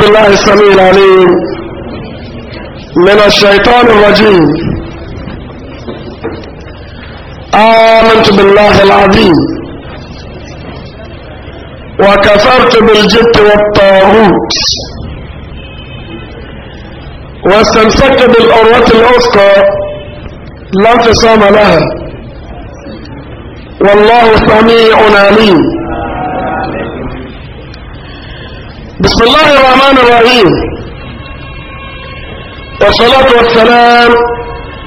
بالله السميع العليم من الشيطان الرجيم آمنت بالله العظيم وكفرت بالجد والطاغوت واستمسكت بالعروة الأثقى لا انفصام لها والله سميع عليم بسم الله الرحمن الرحيم والصلاة والسلام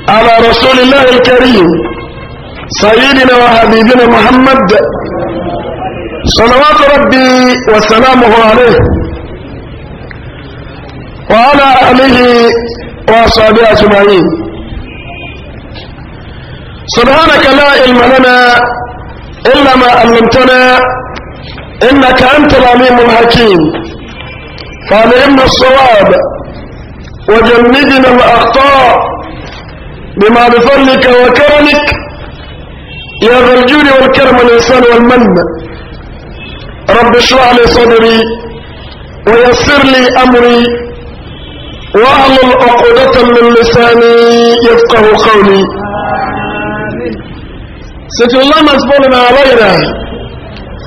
على رسول الله الكريم سيدنا وحبيبنا محمد صلوات ربي وسلامه عليه وعلى آله وأصحابه أجمعين سبحانك لا علم لنا إلا ما علمتنا إنك أنت العليم الحكيم فعلمنا الصواب وجنبنا الأخطاء بما بفضلك وكرمك يا ذا الجود والكرم الإنسان والمن رب اشرح لي صدري ويسر لي أمري واعلل عقدة من لساني يفقه قولي ستر الله مسؤول علينا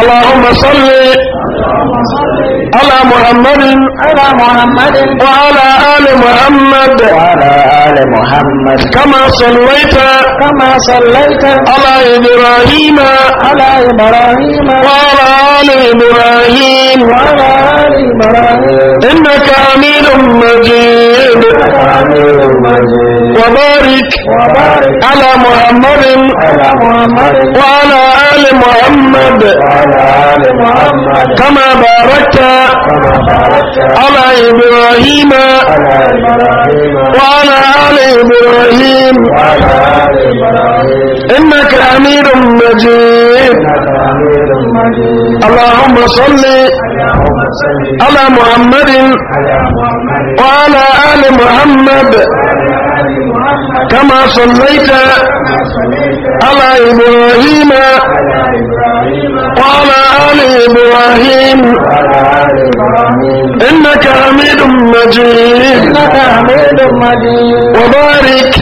اللهم صل على محمد على محمد وعلى آل محمد وعلى آل محمد كما صليت كما صليت على إبراهيم على إبراهيم وعلى آل إبراهيم وعلى آل إبراهيم إنك أمير مجيد وبارك وبارك على محمد على محمد وعلى آل محمد وعلى كما باركت على إبراهيم وعلى آل إبراهيم إنك أمير مجيد اللهم صل على محمد وعلى آل محمد كما صليت على إبراهيم وعلى آل إبراهيم إنك حميد مجيد وبارك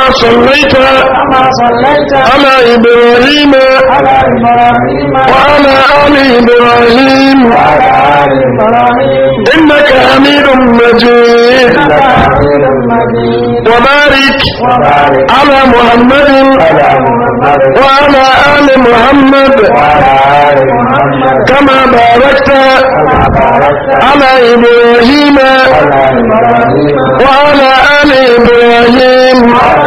كما صليت كما صليت على إبراهيم على إبراهيم وعلى آل إبراهيم وعلى آل إبراهيم إنك حميد مجيد وبارك على محمد وعلى آل محمد كما باركت على إبراهيم وعلى آل إبراهيم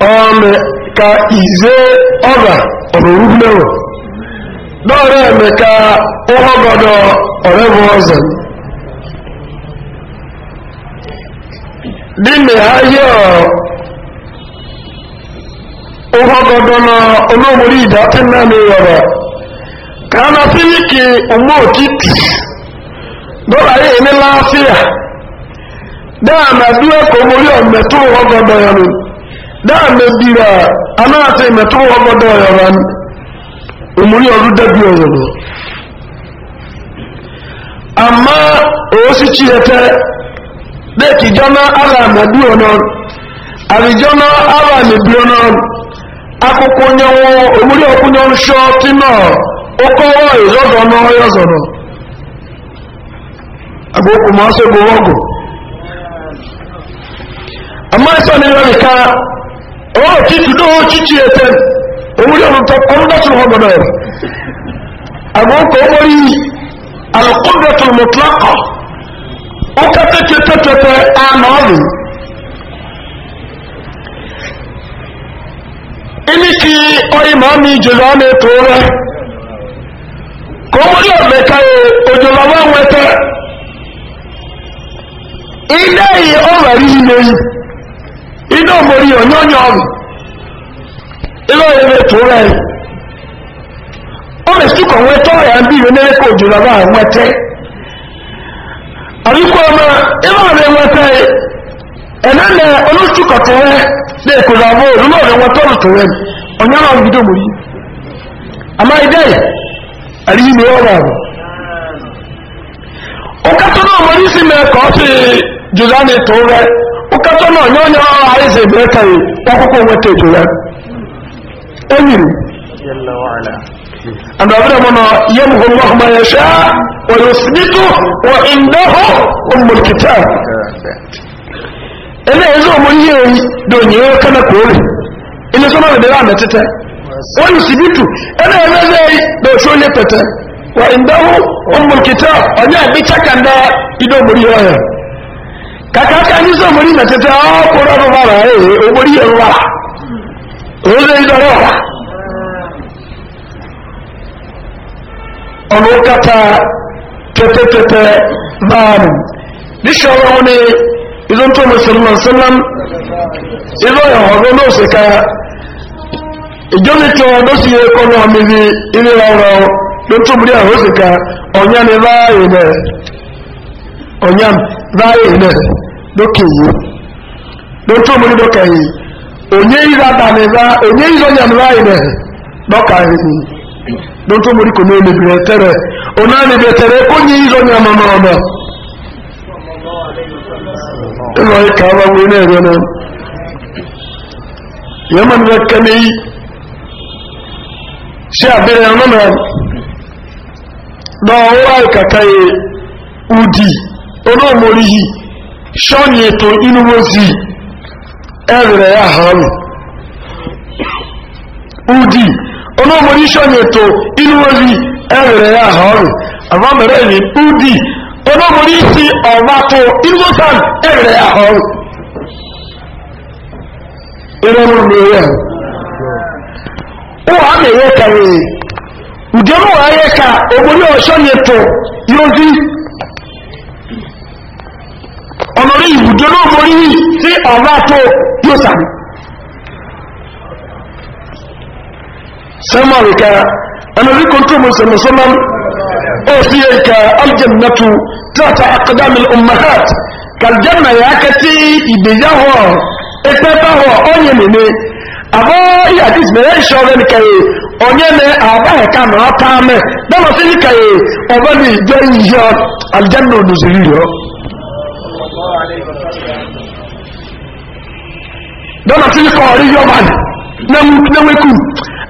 ọmọ ka ize ọba ọ̀rọ̀rú lẹ́wọ̀ n'ọrụ eme ka ọgọ́gọ́dọ̀ ọzọ ọzọ̀ nílẹ̀ ayé ọgọ́gọ́dọ̀ na olóòmórí ìdátí mẹ́rin yọ̀rọ̀ kàánà fílíkì ọmọ òtítì lọ́rọ̀ ayé ní na dáa nà bí ẹkọ̀ mórí ọ̀mẹ̀tún ọgọ́gọ́dọ̀ yọ̀rọ̀ dáa lè dira aláàtẹ ìmẹ̀tọ́ ọgbọ́dọ̀ ọ̀yọ̀rọ̀ òmùrí ọdún dẹ́bi ọ̀yọ̀rọ̀ àmá òósì tí ẹ tẹ́ lẹ́ẹ̀kì jọ́nà ara àmàdí ala àrìjọ́nà ara àmàdí ọ̀nà akókò nyẹ́wọ́ òmùrí ọkùn nyẹ́ ṣọ́ tí náà ó kọ́wọ́ ìrọ́dọ̀ ọ̀nà ọwọ́ oh, títù lówó títì ẹ̀tẹ́n eh, omúrí ọmọdátùn ọmọdá rẹ̀ àgbọ́nkọ̀ omórí alùkúndẹ̀tùn mọ̀tlákọ̀ ó kẹ́tẹ́kẹ́ tẹ́tẹ́tẹ́ àmọ́ọ̀lù inú kí ọyí mọ́mí ìjòlá ọmọ ètò rẹ̀ kò omórí ọ̀mẹ́káyé eh, òjòlá wọn wẹ́tẹ́ ilé ọ̀rọ̀ rí ilé yìí iná mori ọ̀nyọ́nyọ́ ọ̀rùn ilé ìwé tó rẹ̀ ó lè súkọ̀ wọ́n tọ́ ẹ̀yà bí ìwé nílé kò jù lọ́wọ́ àwọn ẹ̀tẹ́ àríkọ́ ọrụ ilé ọ̀rẹ́ wọn tẹ́ ẹ̀nẹ́nẹ́ olóṣùkọ̀ na rẹ̀ ọrụ kò ọrụ olúmọ̀ ọrụ wọn tọ́lù tó rẹ̀ ọ̀nyọ́rọ̀ ọ̀rùn gidi mori àmá ìdẹ́ àrí ìwé ọ̀rọ̀ ọ̀rọ̀ ó kẹ́tọ́ náà mori sí kátó náà ní ọ̀nà àìsè ìgbẹ́ta yìí kọ́kọ́kọ́ owó tètè rẹ̀ ẹ̀yìn àdàbídà mọ́nà yẹ́mù ọmọ ọmọ ẹ̀ṣá wọ̀nyẹ̀ síbítù wọ̀ ìndọ́hù ọmọlùkìtà ẹ̀lẹ́ ẹ̀zọ́ ọmọ yìí èyí dònyẹ̀ ó kánà kóòrè ilé sọ́nà rẹ̀ bẹ̀rẹ̀ àmì títẹ́ wọ̀nyẹ̀ síbítù ẹ̀lẹ́ ẹ̀lẹ́zẹ̀ yìí dòṣó lé pẹ̀tẹ́ wọ̀ ìndọ́hù ọmọlùkìtà ọ̀nyẹ̀ àbíkẹ́kẹ̀ kàkà kà ní sọ mọ̀rí mẹ̀tẹ̀tẹ̀ ọkùnrin ọdún bá rà ẹ̀ ogbórí ẹ̀ wà òun lè dọ̀rọ̀ wà ọ̀nà òkàtà kẹtẹkẹtẹ báàmù ní ṣọ́rọ̀ wọn ni ìdún tó mùsùlùmí sílám ìlú ọ̀yàn ọ̀rọ̀ náà sì ká ìjọ́ni tó ọdún sí ẹkọ́ náà mi ní ilé ọ̀rọ̀ ló tún múlẹ̀ ọ̀rọ̀ sì ká ọ̀nyá ni báyìí náà ọ̀nyá báyìí náà lókè yìí lótú omi lókè yìí onye ìlà dàmìlà onye ìlà nyàmìlà ìlẹ̀ lọ́kà yìí lótú omi kò ní olùbìrì ẹ̀tẹ̀rẹ̀ ọ̀nà àlèbè ẹ̀tẹ̀rẹ̀ onye ìlà nyàmà náà ọ̀nà ìlọ ìkà ọba wọ inú ẹ̀rọ náà ìyẹn mọ̀ nígbà kẹ́mi yìí ṣé àbẹ̀rẹ̀ ọ̀nà náà lọ́wọ́ ìkàkà yìí udi olóòmórí yìí ṣọ́ni ètò inúwòsí ẹ̀rẹ̀ àhánù udi olóòmòrí ṣọ́ni ètò inúwòsí ẹ̀rẹ̀ àhánù àbámẹ̀rẹ̀ ni udi olóòmòrí sí ọ̀wátò inúwòsàn ẹ̀rẹ̀ àhánù ìrọ̀rùn mẹ́rẹ̀ ó wà mẹ́rẹ̀ kàwé ìjọba wà yẹ ká ògbóni ọ̀nàrí ìbùdó náà mọ́ rí sí ọ̀rá tó yóò sàmì sẹ́mọ̀ ìka ọ̀nàrí kòntó musamman ó sí ìka aljannatu tàta akadami umahat kaljanna ya kati ìgbéyàwó ẹgbẹ́báwọ̀ onye nìne àbọ́ ìyàdís mẹ́rẹ́ ìṣọ́rẹ́ nìkẹyẹ onye mẹ́ àbá ẹ̀ka náà tààmẹ́ bọ́lọ̀ sí nìkẹyẹ ọ̀bẹ́ni ìjọ don a cikin kawari yau ba na weku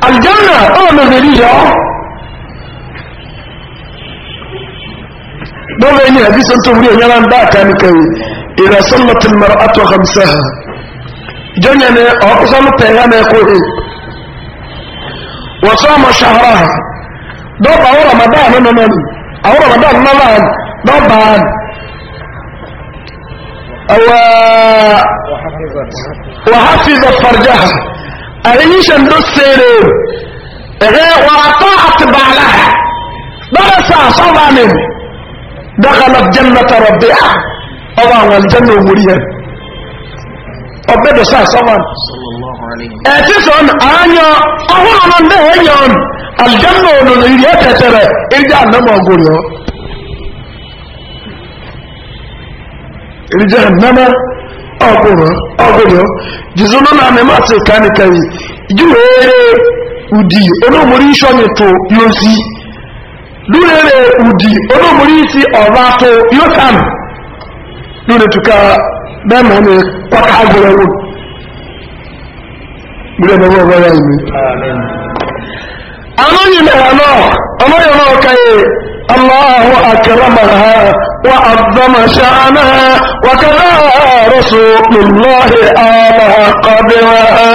aljanna ọmọ mẹ́rin yọ don bai ni hadisun tun wuri yana ba ta ni kai ila sallatin mar'atu khamsaha jonya ne a kusa mutan ya ne ko e wa sama shahraha do ba wa ramadan nan nan a wa ramadan nan do ba وحفظت فرجها أريش أن تسيرين وأطاعت بعلها درسا صبانا دخلت جنة ربها طبعا الجنة آه. مريها أبدا سا صبانا أتسون آنيا أهو عمان ده هيون الجنة ونريد يتترى إرجع نمو أقول ìrìjà nàmà ọ̀gbọ̀rọ̀ ọ̀gbọ̀rọ̀ jùzọ́ náà nàmì má ti ùdì olóòmùrí sọ́mi tó yóò sí lúrere ùdì olóòmùrí sí ọ̀rọ̀ àtó yóò kàn lúre tuka bẹ́ẹ̀ ní pátá agbọ̀rọ̀ wọn. أمني مهما أمني ما كي الله أكرمها وعظم شأنها وكذا رسول الله آلها قبلها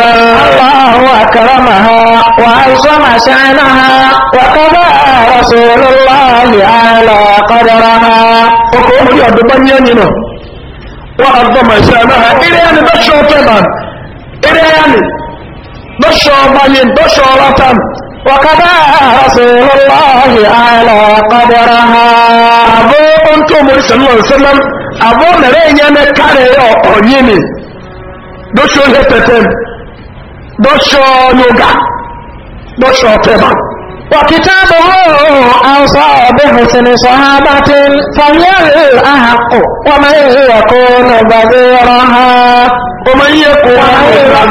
الله أكرمها وعظم شأنها وكذا رسول الله على قدرها وكم يا دبنيانينا وعظم شأنها إليان بشو تبان إليان بشو بنين بشر رتان وقضى رسول الله على قدرها أبو أنت أمري صلى الله عليه وسلم أبو نرين ينكاري أقنيني دوشو الهتتن دوشو نوغا دوشو تبا وكتابه أوصى بحسن صحابة فهي الأحق ومن يكون بذيرها ومن يكون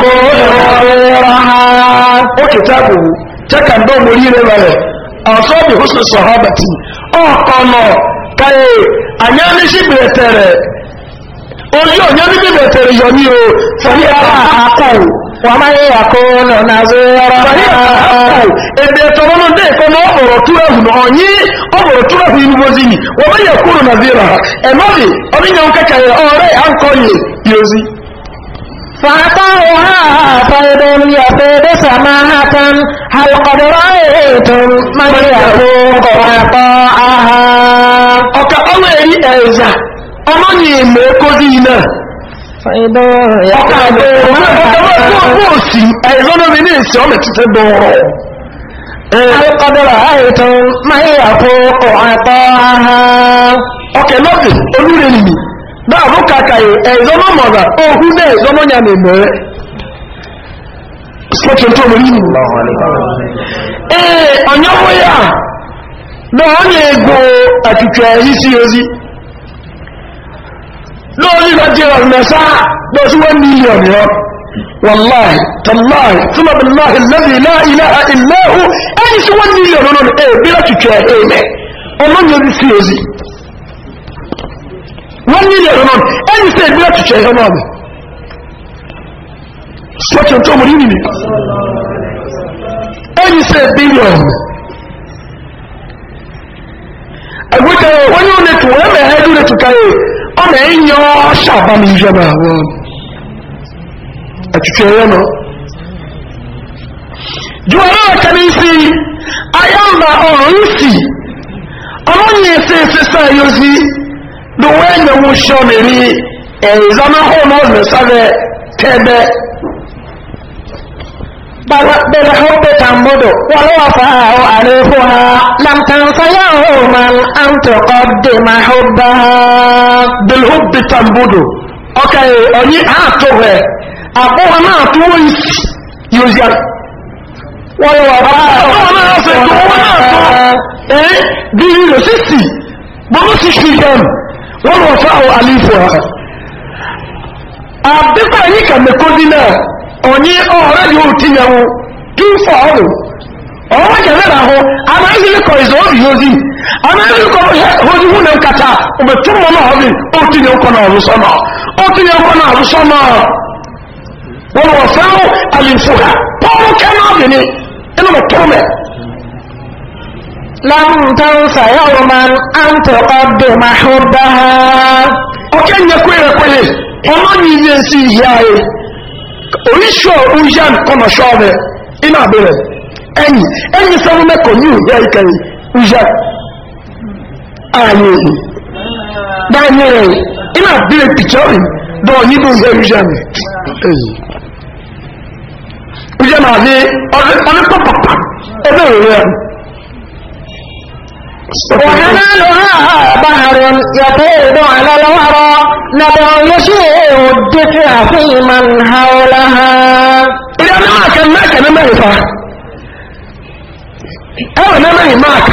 بذيرها وكتابه Chaka ndo tẹ́ka ń bọ́ mo rí rẹ̀ rẹ̀ àfọ́bì húsùn sọ̀hábàtì ọ̀pọ̀nà káyé àyáníṣì bẹ̀rẹ̀ tẹ̀rẹ̀ orí òyìnbí bẹ̀rẹ̀ tẹ̀rẹ̀ yọ ní o fẹ̀rí ara àkọ́ wọ́n máa yẹ àkóónà náà sí ara àkọ́ èdè tọ́rọ ló dé ìkọ́nà ọ̀rọ̀ tó ẹ̀hùn ọ̀nyí ọ̀rọ̀ tó ẹ̀hùn inú bózi ni wọ́n máa yẹ kúrò nàbí rà ẹ̀mọ́bì ọdún yẹn kẹ́kẹ́ ọ̀rẹ́ à ń kọ́ yẹ yóò sí ma ha يطير Ha هل قد رأيتم من يفوق عطاءها ọka ọ were ẹza ọlọ́nyìn èmò kózi iná ọka àgbẹ̀rẹ̀ ẹ̀zọ́nàmì ní ọmọ títẹ́ bọ̀ọ̀rọ̀ alkọdọ̀rọ̀ àìtàn máa yà fún ọ̀hàtọ́ náà ló kàkàyè ẹ̀zọ́nà mọ̀dà òhú náà ẹ̀zọ́nà yà ní mẹ́rẹ́ sọ́tún tó mọ̀rí ee ọ̀nyọ́wó yà náà ọ na-ego àtùtù ẹ̀yí sí ozi lórí lọ́jẹ́ ọ̀mẹ́sá lọ́sí wọ́n mílíọ̀nù yọ wàláì tàláì túnmọ̀bìláì lẹ́bí láìláà ìlẹ́hù ẹ̀yí sí wọ́n mílíọ̀nù náà ẹ̀ẹ́bí látùtù ẹ̀ẹ́mẹ́ ọlọ́nyẹ́ sí ozi ẹni lè rọ náà ẹni sẹ ẹgbẹ́ ọ̀tútù ẹ̀yọ náà bẹ̀ sọ́tù tó mú nínú ẹni sẹ ẹgbẹ́ ìlú ọ̀hún àgbẹ̀kẹ́ wọ́n yóò lè tù wọ́n ẹ̀mẹ̀ ẹ̀dùn lè tù káyé ọmọ ẹ̀yìn yọ ṣàbá mi yọ náà wọ́n ẹ̀tútù ẹ̀yọ náà ju ẹ̀rọ ẹ̀kẹ́ni sí ayé ọ̀nà ọ̀rùn sí ọlọ́yin ẹ̀sẹ̀ ẹ̀sẹ̀ sáà yóò sí. Eh, do wɛnyɛ ho hyɛnmiri ɛnzama hɔ na ɔna sɛbɛ tɛbɛ bɛlɛ hɔ bɛ tambo do wɔlɛ wɔ fa a hɔ are ho ha lantanfa yɛ hɔ man an tɛ kɔ de ma hɔ baa bɛlɛ hɔ bɛ tambo do ɔkɛ ɔnyi ato hɛ abo hɔ na ato wɔ yi yozia wɔlɛ wɔ fa a hɔ na asɛ to wɔn ato ɛɛ bi yi lɛ sisi bɔbɔ sisi yɛn. wọ́n wọ́n fáwọ alífò wọn tí ń fọ ọ̀rọ̀ ọ̀rọ̀ jẹ̀rẹ̀ rà hó anáyẹ̀lẹ̀ kọ̀ ìzọ̀ òbí yóò di anáyẹ̀lẹ̀ kọ̀ ọ̀hójú hù nà nkàtà ọ̀bẹ̀ tó mọ̀ náà ọ̀bí ó tí yẹn kọ̀ náà ọ̀rọ̀ sọ́nà na tí yẹn kọ̀ náà لن تنس يوما أن تقدم حبها ọkẹ́ ń yẹ pẹ́lẹ́pẹ́lẹ́ ọmọ ní ilé sí ìyá ẹ̀ oríṣọ́ oúnjẹ kọ́nà ṣọ́ rẹ̀ iná àbẹ̀rẹ̀ ẹ̀yìn ẹ̀yìn sẹ́wọ́n mẹ́kọ̀ọ́ ní ìyá ìkẹyìn oúnjẹ ààyè èyí báyìí rẹ̀ iná àbẹ̀rẹ̀ pìtọ́rì dọ̀ọ̀ nínú ìyá oúnjẹ mi ẹ̀yìn oúnjẹ màá ní ọdún pàpàpà ẹgbẹ́ òwúrẹ́ وحنانها بحر يطيب على الورى نبع يشيع الدفع في من حولها إذا ما كان معك ما يفعل أو ما معك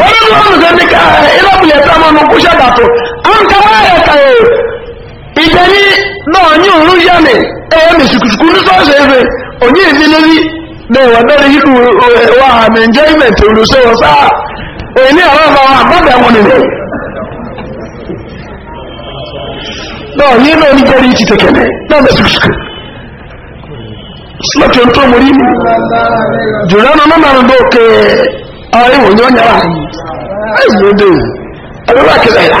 wani ruwan zanni ka ila bu ya tama mun kusha da to an ka waya ka idani na onye oru ya ne e o ni shukushukuru so se ebe onye ni lori ní ìwọ̀dọ́rí yíkù wà àmì enjoyment olùsọ́wọ́ sáà èlé ọ̀rọ̀ ọmọ wa bọ́bẹ̀ wọn nìyẹn náà yí náà ni jẹ́rí ti tẹ̀kẹ̀lẹ̀ náà mẹ́sì ṣùkú sílọ́tì ohun tó mú rí jùlọ ọmọ márùn bó kẹ ọ̀rẹ́ ìwòyàn yàrá yìí ẹ̀yìn ló dé ẹ̀rọ wà kẹsẹ̀ yàrá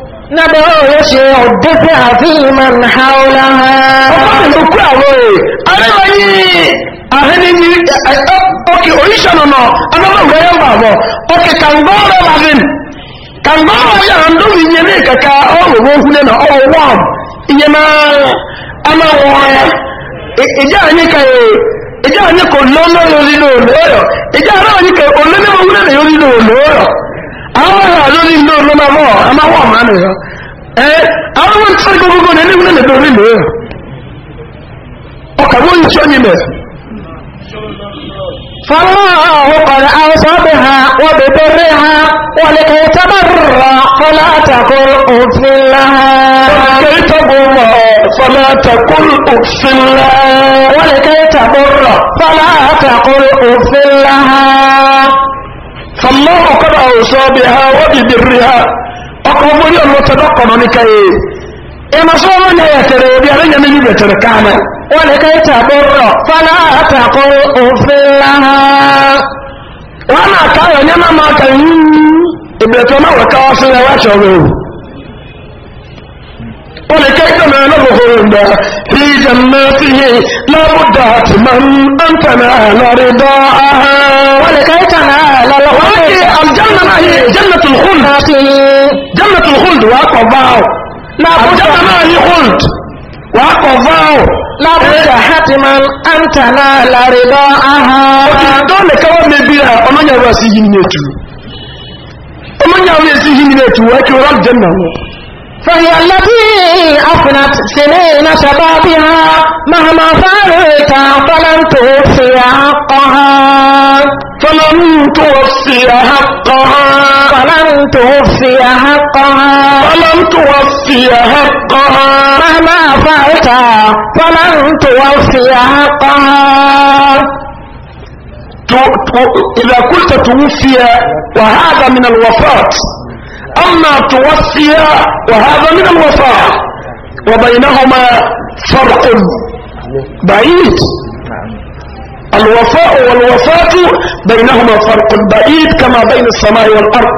نبع يشع في من حولها ọkọ̀lù kú àwọn èrè arẹ́wọ̀nyí ahẹ́nìyí ọkẹ̀ oríṣànàmà anáwọ̀gbẹ̀ yẹn bà bọ̀ ọkẹ̀ kàngọ́rọ̀ làfin kàngọ́rọ̀ yà ń dùn ìyẹn ní kàkà ọ̀rọ̀gbọ̀ òhunẹ̀ nà ọ̀wọ̀ wọ́n ìyẹn máa anáwọ̀ ọ̀rẹ́ ìjẹ́ àyíkàyè ìjẹ́ àyíkà olóńdó yorí lóòlóòrọ̀ ìjẹ́ àyíkà olóńdó yorí lóòlóòrọ̀ àwọn ọ̀rọ̀ ọ̀dọ́ ní ilé olóma mọ́ àmáwọ̀ ọ̀mà nìyọ ẹ́ àwọn ọmọ ìtàrí gbogbo ní ẹni wúlẹ̀ lẹ́dọ̀ nílò ẹ̀ ọkà wọ́n ìṣọ́ ní mẹ́ fọwọ́ ọ̀rẹ́ àwọsọ bẹ ha wọ́n ha wọ́n lè kẹ́ tẹ́bà rọ̀ fọlá àtàkùn òfin àtàkùn òfin wọ́n lè kẹ́ rọ̀ àtàkùn òfin فالله قد أوصى بها وببرها أقوم لي أن تدقنا نكاي إما صوم لا يتري بأن يمني بتركانا ولكي تبر فلا تقل أف لها وما كان يما ما كان إبتما وكاصل وشعره ولكيتنا نظهرنا في جناته لا بد هاتما أن تنال رضاءها ولكيتنا للغد الجنة ما هي جنة الخلد جنة الخلد وأقضاء لا بد الجنة ما هي خلد وأقضاء لا بد هاتما إيه؟ أن تنال رضاءها dole kawai mai biya a manyan wasu yi ne tu a manyan wasu yi ne tu wa ke rar janna ne فهي التي أفنت سنين شبابها مهما فعلت فلن توفي حقها فلن توفي حقها فلن توفي حقها فلن توفي حقها مهما فعلت فلن توفي حقها إذا قلت توفي وهذا من الوفاة أما توصي وهذا من الوفاء وبينهما فرق بعيد الوفاء والوفاة بينهما فرق بعيد كما بين السماء والأرض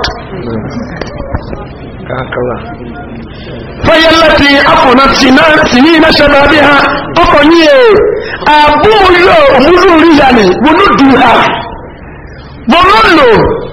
فهي التي أفنت سنين شبابها أفنية أبو الله مزورياني ونجوها ظلوا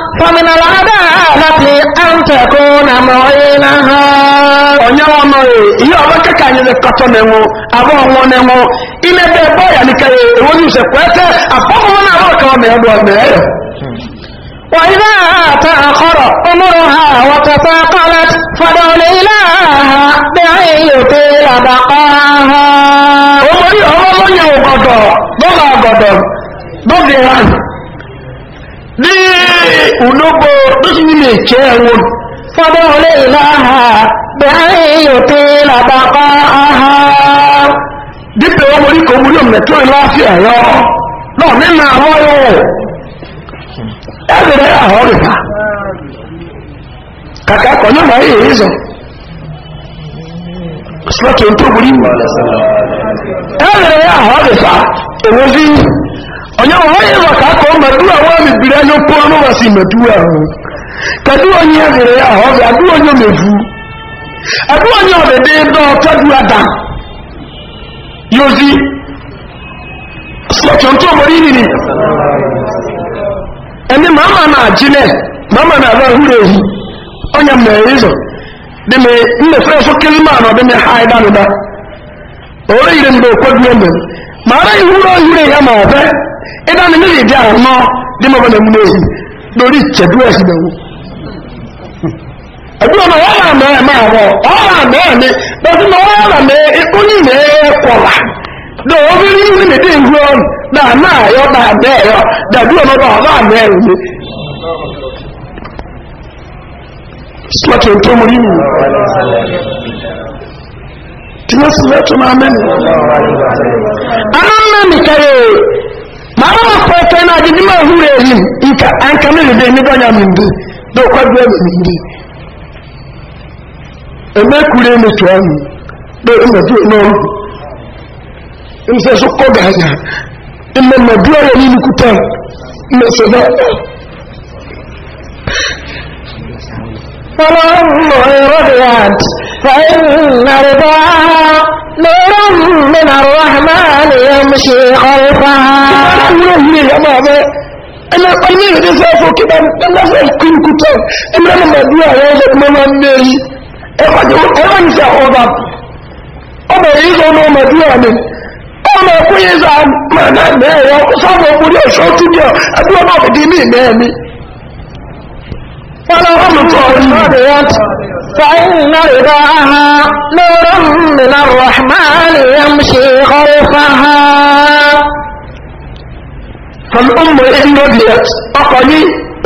فمن العدالة أن تكون معينها ọ̀nyẹ́ wọn nọ yìí ìyá ọba kẹ́kẹ́ àyẹ̀ lè kọ́tọ́ mẹ́wọ́ àbọ̀ wọn mẹ́wọ́ ilẹ̀ bẹ́ẹ̀ bọ́ọ̀yà nìkan yìí èwo ní ìṣẹ̀kọ́ ẹ̀tẹ́ àfọ́kùnrin náà wọ́n kọ́ mẹ́wọ́ bọ́ mẹ́ẹ̀yọ̀. wọ́n ilé àtà àkọ́rọ̀ ọmọrùn ha wọ́n tẹ̀sán kọ́lá fọdọ̀ọ̀lẹ̀ ilé àhà bẹ́ẹ̀ yòókè làbàkọ́ ha. òmòrí ọmọ lóyún ọgọdọ lọ́gà ọgọdọ lọ́gà ìran ní ìlúgbò tó sì nílé ìkẹ́ ẹ̀wọ̀n fọ́dún olè ìlàáha bẹ̀rẹ̀ yòtí làbàpá aha dípẹ̀ wọ́n morí kò múrí òmìnàtò ìlàáfíà yọ náà nínú àwọn yóò ẹgbẹ̀rẹ̀ àwọn rìpa kàkà kọ̀ ní ọmọ yìí ìzọ ṣùgbọ́n ń tó burú ẹgbẹ̀rẹ̀ àwọn onye ọhụrụ ịlọ ka akọ maduwa wa mebiri anya opo ọnụ wasi maduwa ahụ kedu onye ya dịrị ya ahụ ọbịa adụ onye mevu adụ onye ọdịdị ịdọ ọtọdụ ada yozi sọchọ ntụ ọmọdụ iriri ẹni mama na ajinẹ mama na alọ ọhụrụ ehi onye mmere ịzọ dị m mmefe ọsọ kelima na ọdịmị ha ịda nụda o reyiri mgbe okwe dị ome ma ara ihu ụlọ ọhụrụ ya ma ọbịa ẹ̀dá mi nílì dị àrùn náà dí mọ́ bọ́lẹ̀ múlẹ̀ èyí lórí ìtẹ̀dú ẹ̀sìn na ẹ̀dú ọmọ wọ́n rà mẹ́ ẹ̀mẹ́ àwọ̀ ọ̀rà mẹ́ ẹ̀mẹ́ lọ́sí mọ́ wọ́n mee mẹ́ ẹ̀kúnyì dị mara wakwa kai na ji nima hure yin inka an kamar da ni gonya min bi do kwa do min bi e kure ni to an do ina na رضيات فإن رضا نور من الرحمن يمشي na ẹnlẹ́ ọlọ́run ẹ̀dẹ́ sọ fún kí báyìí ẹlẹ́fẹ́ ìkúrukútọ́ ẹmìnà mọ̀ bí àwọn ọlọ́pọ̀ máa ń mẹ́rí ẹwọ́n ìṣẹ́ ọba ọmọ èyí sọ ọmọ ọmọ àmì ọmọ sọ ẹbí ọmọ ولهم كريات فإن رضاها نور من الرحمن يمشي خلفها فالأم إن رضيت أقلي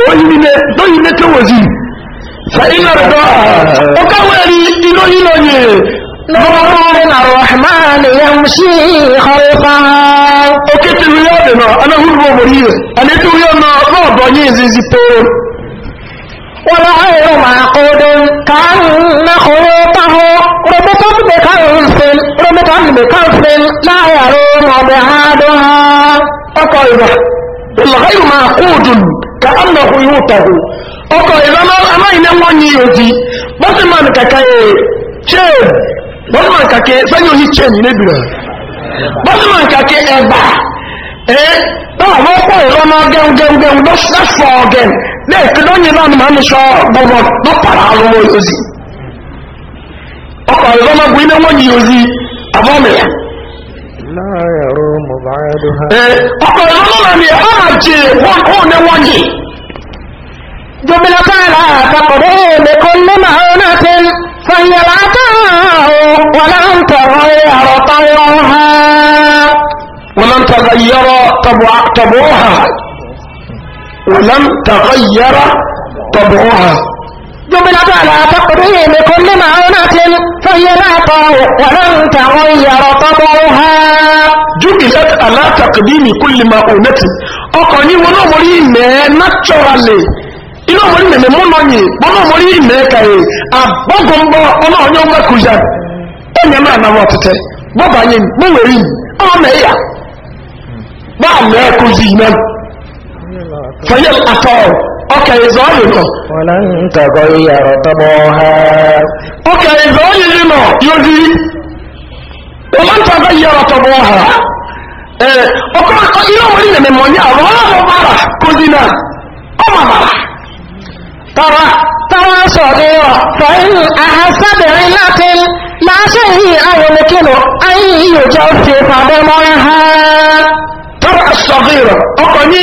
وإننا ضينة وزين فإن رضاها وكوالي إلهي لني نور من الرحمن يمشي خلفها وكتب يادنا أنا هو مريض أنا تو يانا رابع يزيزي والغير معقود كأن خيوطه ربط بكنف ربط بكنف لا يروم بعادها أقرب الغير معقود كأن خيوطه أقرب أنا أنا إنما نيوتي بس ما نكاكاي تشين bọ́n máa kàkẹ́ sẹ́yìn oní chain níbìrẹ̀ bọ́n máa kàkẹ́ ẹ̀bà ẹ́ tọ́wọ́ wọ́pọ̀ ìrọ́nà gẹ́gẹ́gẹ́ lọ́sẹ̀fọ́ gẹ́gẹ́ lẹ́ẹ̀kì lóyìn náà ni màá ní sọ gbogbo lọ́pàá àwọn òyòzí ọkọ̀ àrùn ọmọbùn iná wọ́n yìí òzí àbọ́mìyà ọkọ̀ àrùn ọmọbùn àjẹ wọn kò ní wọ́n yìí jọmọlá káàlà àkàkọ̀dé ẹ̀mẹ́kọ́ ní màá náà ti fàyẹ̀lá táwọn wọn náà ń tọ̀rọ̀ ẹ̀rọ̀ táwọn ha wọn náà ń tọ̀rọ̀ ẹ̀rọ̀ tọ̀bọ̀ ولم تغير طبعها جملة على تقديم كل معونة فهي معطى ولم تغير طبعها جملت على تقديم كل معونة أقني ونمري ناتشورالي inu omori meme mu nonyi bono omori ime kae onye onye ma na ọtete bọbanye m gbanwere m ọ na ya gbaa mee ime فهي الأطار أوكي ذلك ولن تغير طبعها أوكي ذلك يجي ولن تغير طبعها ọkọ̀ ilé wọn nílẹ̀ mẹ́mọ̀ ní àwọn ọmọbára kò dínà ọmọbára tọrọ tọrọ sọ̀rọ̀ rọ̀ fọ́yìn àhásàbẹ̀rẹ̀ láti máa ṣe yí ayọ̀lẹ́kìnà ayé yíò jẹ́ òfin pàdé mọ́ra ha tọrọ sọ̀rọ̀ ọkọ̀ ní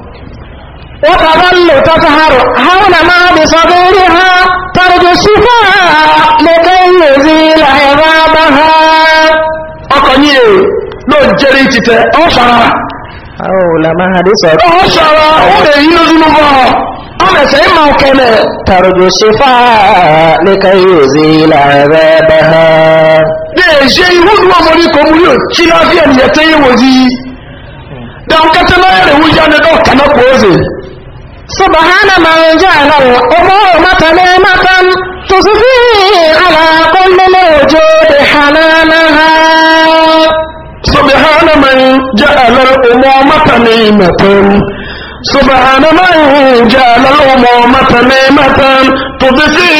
وتظل تظهر حول ما بصدورها ترجو الشفاء لكي يزيل عذابها أقني لو جريت تأشرا حول ما بصدورها أشرا أولي يزنبها أنا سيما كما ترجو الشفاء لكي يزيل عذابها ليجي يهود ومريكم ويوتي لا فيا يتيوزي دعوكتنا يرهو جانا دوكنا قوزي subhana man jana omomatane matan tusfi ala kulli mawjudi hananaha subhana man jaala lomomata nematan subhana man jaala lomomata nematan tusfi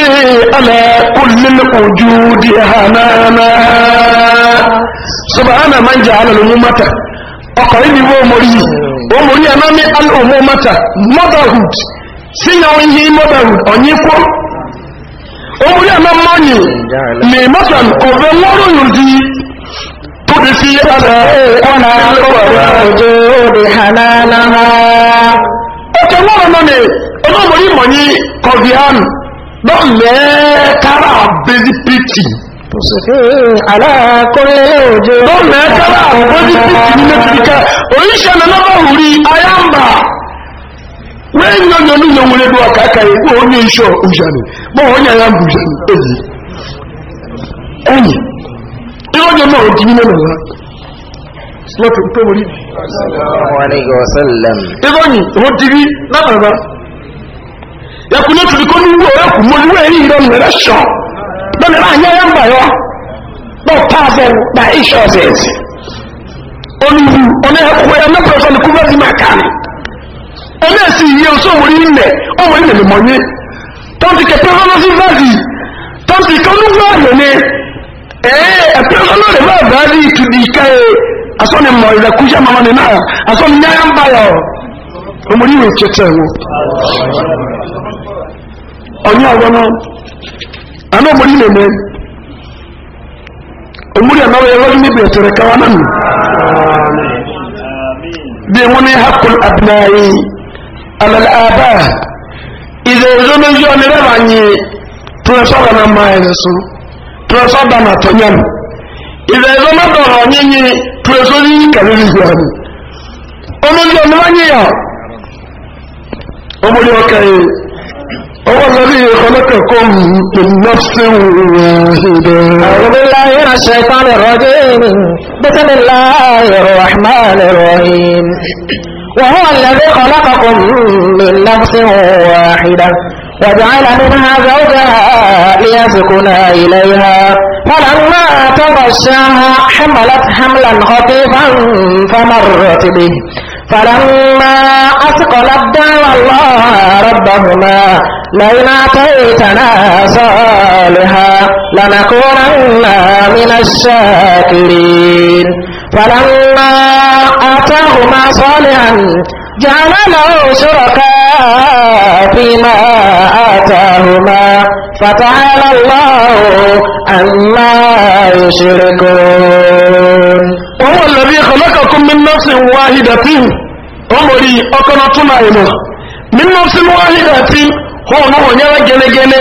ala kulli lwujudi hananaha subhana man jaala lomomata okoyini womoriyi ụmụrụ ya naanị ụmụ mata motherhood si ya ihe motherhood onyekwo ụmụrụ ya na mmanyi na ịmata ọzọ nwọrọ yụzi tụdịsị ya na ọna ọjọ ọdị ha n'ala ha oke nwọrọ nọ na ọzọ ụmụrụ ịmọnyi kọvian dọ mee kara bezi piti lọ́nà ẹ̀kọ́lá àwọ̀gbọ́dí pìtì ní mẹ́tìríkà oríṣẹ́ na lọ́bọ̀ rí ayámbà wẹ́n yọ̀nyọ̀ ní yọ̀wọ̀ lẹ́nu ọ̀kàkà ikú onye iṣọ́ òjàní mọ́ onye ayámbà òjàní èyí ẹ̀yìn ìrọ́jọ́ náà òdì nínú ẹ̀rọ lọ́tọ̀ tó wọlé ìrọ́yìn òdì rí lábàbà yẹkùn lọ́tọ̀ lọ́nà bá yẹ́ yẹ́ ń by insurance oníhu oníhẹ́kọ̀ọ́ ẹ̀ mẹ́fẹ́ sọ́ni kú bẹ́ẹ̀ sí máa kà ní oníhẹ́sì yìí oṣù òmùrí ilẹ̀ òmùrí ilẹ̀ mọ̀ yé tọ́ntì kẹ̀kẹ́ fọ́lọ́sí báàgì tọ́ntì kọ́lùkọ́ ọ̀rẹ́ ni ẹ̀ẹ́ ẹ̀pẹ́ sọ́nà rẹ̀ bá bàálì ìtùdí káyé asọ́ni ana omuri ne ne omuri ana wee lori ne bi etere kawa na mi bi mu ne hakul abnai alal aba ize ezo ne yo ne reba nyi tura so na ma ere so tura so da na tonyan ize ezo na do ro nyi nyi tura so ni ka ni yo ni omuri ana nyi ya omuri okay هو الذي خلقكم من نفس واحدة أعوذ بالله من الشيطان الرجيم بسم الله الرحمن الرحيم وهو الذي خلقكم من نفس واحدة وجعل منها زوجها ليسكن إليها فلما تغشاها حملت حملا خفيفا فمرت به فلما أثقل دعوى الله ربهما لئن آتيتنا صالحا لنكونن من الشاكرين فلما آتاهما صالحا جعل له شركاء فيما آتاهما فتعالى الله عما يشركون هو الذي خلقكم من نفس واحدة ọmọrí ọkọ̀nà tún náà ìmọ̀ nínú sínú ahìdà tí hàn wọ́n yára gẹ́gẹ́gẹ́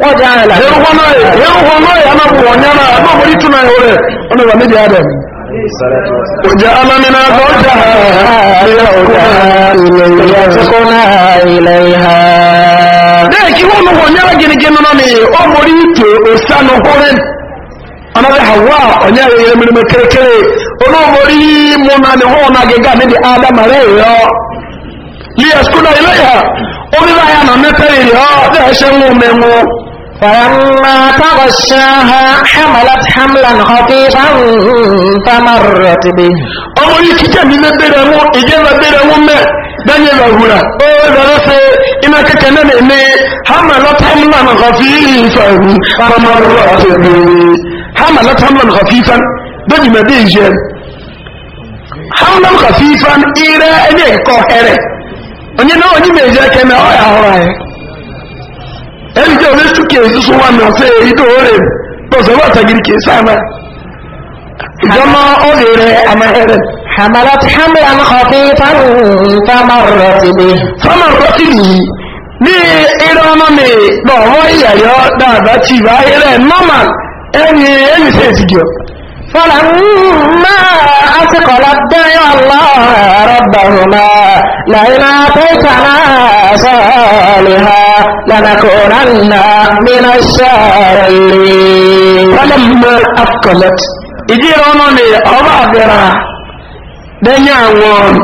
wọ́n jẹ́ àyàlá ẹrùwọ́n náà ẹrùwọ́n náà yàrá bù wọ́n yára ọmọrí tún náà ọmọ ìwà méjì adam anabi hawa onye ayẹyẹ emirime kerekere olóòmòrí mu na ne hàn na gíga níbi adama rẹ yọ lia skuna ilé yà onílà yà nà mẹtẹrì yọ ọdẹ ẹṣẹ ń wọn mẹmú. فلما تغشاها حملت حملا خفيفا فمرت به. أمري كتاب من بيرمو إجابة بيرمو danye bahura o oh, zara se ime kake na ne ne hama lata hamlan khafifan amar rahimi hama lata ma dai je hamlan khafifan ira onye na onye na o ya hora e en ole su na ido ore ke sana حملت حملا خفيفا فمرت به فمرت به ní ìrọ̀nà mi lọ́wọ́ ìyàyọ́ dáadáa ti bá ilẹ̀ normal ẹni ẹni sí ìsìnkú fọ́nà máa àtìkọ̀lá dáyọ̀ aláàrọ̀bàrùnmá láìlá pẹ́tàná sọ́ọ̀lẹ́ha lánàkọ̀ọ́nà mìíràn sọ́ọ̀lẹ́ دنيا وان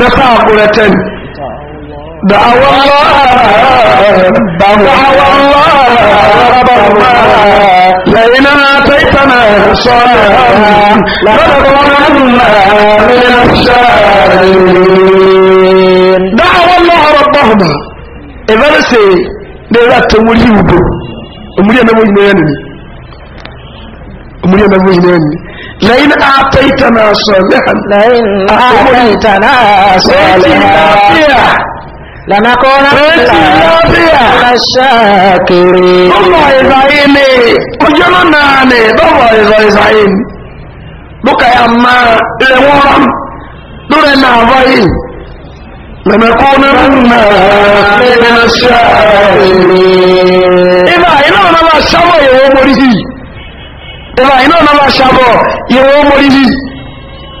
نفع قرتن دعوا الله دعوا الله ربنا لئن آتيتنا صالحا لنكونن من الشاكرين دعوا الله ربهما إذا نسي نيرات تمولي وبو أمولي أنا مو ينيني أمولي أنا مو ينيني لئن آتيتنا صالحا لئن آتيتنا صالحا لنكونن من الشاكرين الله يزعيني كجنا ناني الله يزعين لك يا أما لورم لورنا ضعين لنكونن من الشاكرين إذا إلا أنا ما شاء الله يوم ìwà iná náà máa ṣàbọ̀ ìwọ̀n ó mórí yìí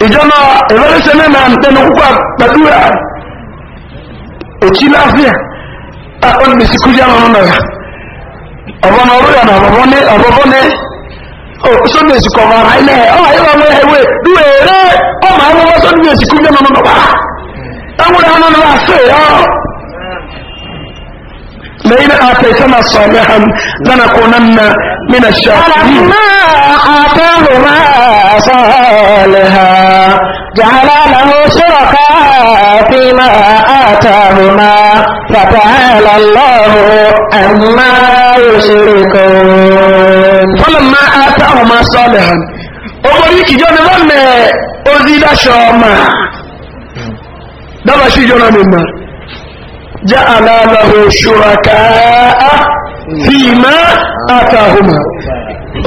ìjọ náà ìrẹ́lẹ́sẹ̀ náà máa ń tẹnu púpọ̀ pẹ̀lúra òkí láàfíà àwọn ìgbésí kújá náà náà ọ̀bọ̀n ọ̀rọ̀ yà náà ọ̀bọ̀n ní ọ̀bọ̀n ní sọ́dún èsì o ọ̀rọ̀ لئن آتيتنا صالحا لنكونن من الشاكرين ما آتاهما صالحا جعل له شركاء فيما آتاهما فتعالى الله عما يشركون فلما آتاهما صالحا أمري كي جون من أزيد شوما دابا شي جون من جعل له شركاء فيما آتاهما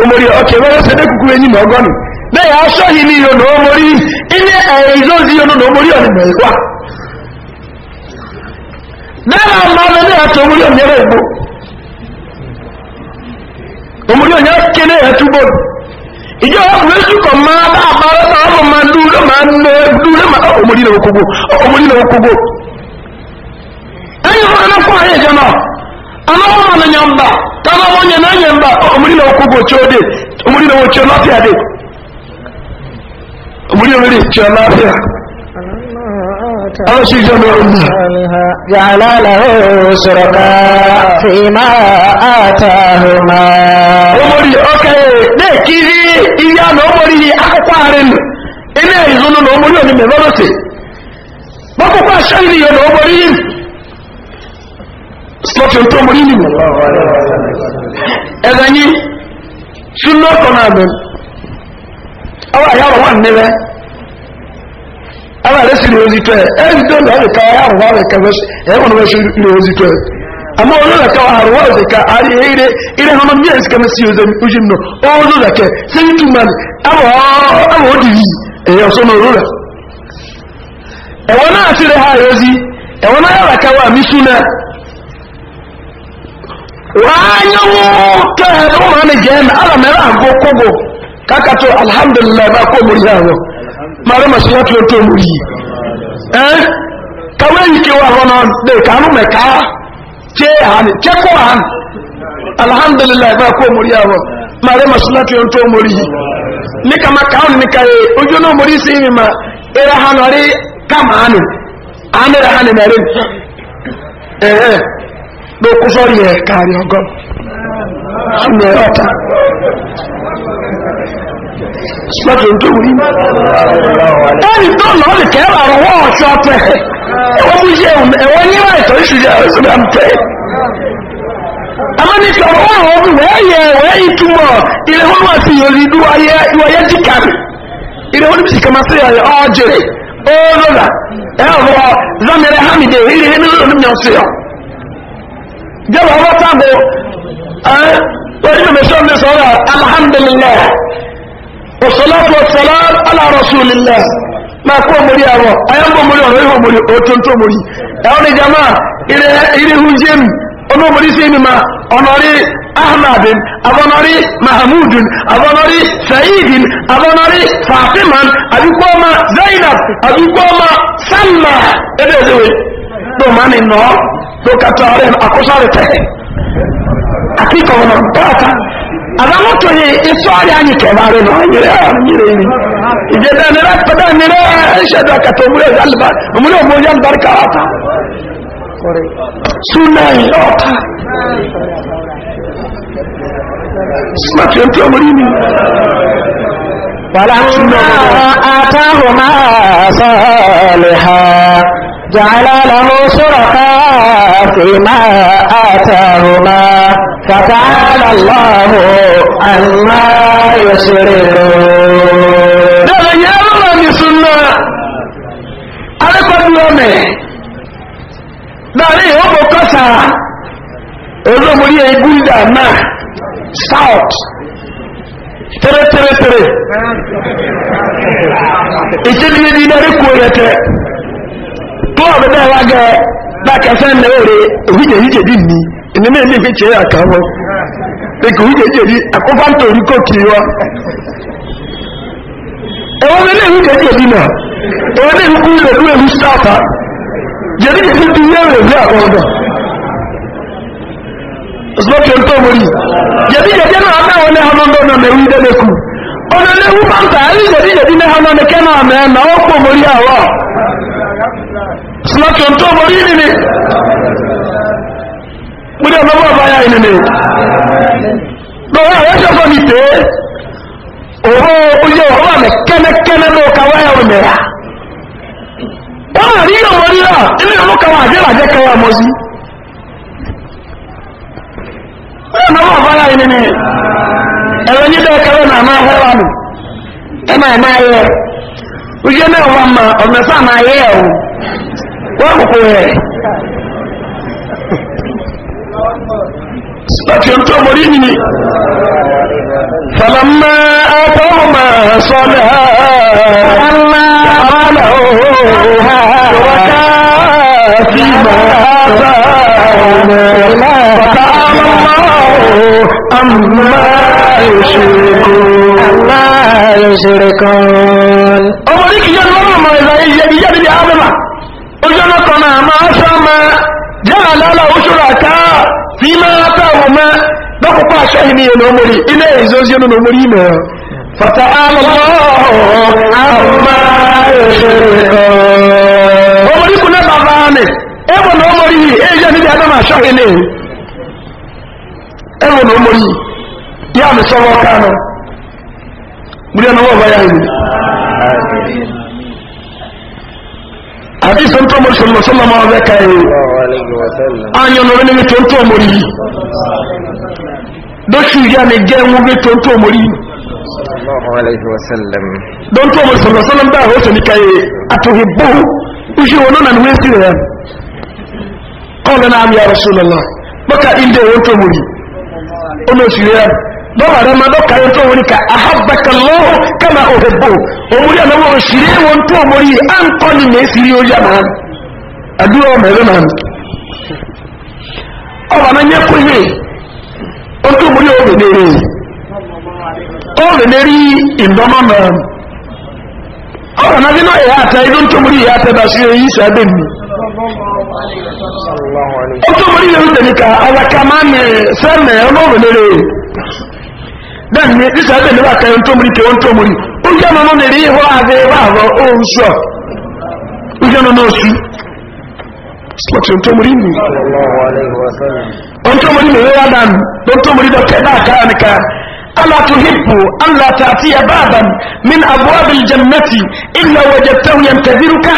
أمري أوكي ولا سيدك كويني مغني ده يا شاهي لي يونو أمري إني na يونو أمري أنا ما أنا أتومري أنا ميوا أمري أنا كني أتوبون ìjọ ọkùnrin máa bá ọmọ máa dúró máa ń dúró máa ọmọdé náà kókó ọmọdé náà kókó ẹ̀yìn ọ̀rọ̀ náà kọ́ ayé ìjọba anáwó máa nà yàn bá káná wọ́n yẹn náà yẹn bá ọmọdé náà kó gbòòtsó dé ọmọdé náà wòtsó lọ́fíà dé ọmọdé náà wòtsó slọtị otu omorili ẹ̀rẹ̀yí ṣúlọ́ kọ̀nàmì ọwọ́ àyàwó wà nílẹ̀ ọwọ́ àrẹ́sì ní ozi tẹ́ ẹ̀rìdó lọ́rẹ̀ká àyàwó wà rẹ̀ kẹfẹ́ ẹ̀wọ̀n wẹ́ sí ní ozi tẹ́ àmọ́ olóòrẹ̀ká àrùwá òzèká àrí eré eré ọmọ ní ẹ̀sì kẹfẹ́ sí ozi nù olóòrẹ̀kẹ́ sẹ́yìn túmọ̀ àwọ̀ ó dìrì èyàn sọ ní olóòrẹ̀ ẹ̀wọ̀n náà sí rẹ̀ ha ẹ̀wọ̀n náà yàrá káwà mí súnà wanyanwuka umane genda ala agokogo kakato alhamdulillah ba ko muri yawo mare masiya to to muri eh kawen ki wa hono de kanu me ka ka che han che ko han alhamdulillah ba ko muri yawo mare masiya to to muri e. ni kama kaun ni kai ojono muri sini ma era hanori kama anu amira hanin rin eh eh ló kú sọ́rí ẹ̀ káàrí ọgọ́rùn ṣùgbọ́n ẹ̀rọ ọ̀tá ṣùgbọ́n tó wí ẹni tó lọ lè kẹ́ àrùn wọ́n ọ̀ṣọ́ pẹ̀ ẹwọ́n mú yẹ ẹ̀wọ́n yíwá ìtọ́ ìṣújẹ ìṣújẹ pẹ̀ àmọ́ ní kí ọ̀rọ̀ wọ́n wọ́n wọ́n ẹ̀yẹ wọ́n ẹ̀yìn túmọ̀ ilé wọn wà sí yòlì jẹ́wọ̀ ọwọ́ sáàbò orílẹ̀-èdè ní sọ́rọ̀ alhamdulillah òṣèlọ́pọ̀ sọ́lọ́ alárọ̀sùlillah máa kó mórí àwọ̀ ayọ́mọ̀ mórí ọ̀rọ̀ ihò mórí òtún tó mórí ẹ̀wọ́n ni jama irihu jim onóborí sí ìnima ọ̀nọ̀rí ahmadin abọ́nọrí mahamudin abọ́nọrí sayidin abọ́nọrí fatiman àbíkọ́ọ́mà zainab àbíkọ́ọ́mà salma ẹ̀dẹ̀ẹ̀dẹ̀wẹ̀ tó máa ní nọ́ọ́ sokataren akosaretɛhɛ akika wɔn mpaata abamoto yi isɔɔri anyi kɛbaare na ɔnyere a ɔnyere yi ìdè dɛ nira pɛtɛ nira ɛhyɛ dɔ kata omure yaliba omure omo yalibarika ata suna yi ɔta suna tiɛ tiɛ omure yi wala suna atahuma saliha jala lahu suraka. فيما آتاهما فتعالى الله عما يشركون ده يلا من سنة أنا قد يومي ده ليه كسا olóòmù tere tere tere dákà sẹ́ni náà rẹ̀ òhìjẹ̀ hìjẹ̀ ní ẹni mẹ́rin ìfẹ́ tiẹ̀ àkàwọ́ ẹkọ òhìjẹ̀ hìjẹ̀ dì àkọ́fà ń torí kò kì í wá. ní ìhìjẹ̀ hìjẹ̀ dì náà ẹ̀wọ́n ní ìhìkú ilẹ̀ ló ewu sáfà jẹ̀dí ti yẹ́ rẹ̀ rí àwọn ọ̀dọ̀. ọ̀nà léwu máa ń tà àrí ìjẹ̀dí ìjẹ̀dí náà náà ní kẹ́nà àmì ẹ̀nà ó pò mórí àwọ̀ sílọ́kì tó mórí nìní múlẹ̀ ọlọ́wọ́ àbáyá ìnìní lọ́wọ́ àwọn ṣẹ́fọ́ ní tèé òwò oyè ọ̀rọ̀ àmì kẹ́nẹ́kẹ́nẹ́ ló wọ́n ẹ̀rọ yí bẹ́ẹ̀ kẹrẹ náà máa hẹ́wà nù ẹ máa máa ojú náà wọ́n ma ọ̀nà sáà máa ẹ̀ o wọ́n kò nìyí الله عما يشركون عما يشركون أمريك جنون ما إذا يجي يجي بآدم وجنتنا ما سما جعل له شركاء فيما أتاهما dọ́kùpá aṣẹ́hìní ẹ̀nà ọmọrí ilé ìzọ́sí ẹ̀nà ọmọrí ìmọ̀ fata alọ́ọ̀ọ́ àmà ẹ̀ṣẹ̀rẹ̀kọ́ ọmọrí kúnlẹ̀ bàbá mi ẹ̀wọ̀n ọmọrí yìí ẹ̀yẹ́ níbi adọ́mà aṣọ́hìní ẹwọ na ọmọ yìí yá mi sọ wọn kánú múlẹ̀ náà wọ́n báyà yìí àdìsọ ntọ́ mọ̀rí sọ̀rọ̀ sọ́lọ́ máa bẹ́ ká yìí àyàn lórí níbi tó ntọ́ mọ̀rí yìí lóṣù yá mi jẹ́ ń wúgbé tó ntọ́ mọ̀rí yìí dọ́ntọ́ mọ̀rí sọ̀rọ̀ sọ́lọ́ bá àwọn sọ̀rọ̀ ká àtòhì bó iṣẹ́ wọn náà níwé sí rẹ̀ kọ́ lẹ́nà àmì àrọ̀sọ̀lọ́lá bọ́kà ilé wọn tó mọ̀rí yìí olóṣìṣẹ́ rẹ̀ lọ́wọ́ rẹ̀ máa lọ́ka yẹn tó wọ́n ní ká àhábàkàlọ́ kama òhèbò òmùrí àlọ́wọ́ òṣìṣẹ́ wọn tó mórí à ń kọ́ ni mèé sírí orí àmà àdúrà ọmọ ẹ̀rọ màá ọba náà nyẹ kó yẹ iwe tó mórí òrè lérí òrè lérí ìdọ́mọ́ mọ́ ọba náà bí náà yẹ àtẹ tó yẹ àtẹ bá sábẹ́ mi. ọtọ́ mọ̀rí yẹn tẹ̀lé ka alaka máa ní sẹ́mẹ̀ ọlọ́run lére bẹ́ẹ̀ ni ìsà tẹ̀lé wà kẹrin tó mọ̀rí kẹrin tó mọ̀rí ó jẹ́ ọmọ lèrè ìwọ́ àgbẹ̀ wà lọ oòrùn sọ ó jẹ́ ọmọ náà sí tó mọ̀rí mi ọtọ́ mọ̀rí mi rẹ́rà dànù lọ́tọ́ mọ̀rí dọ̀kẹ́ náà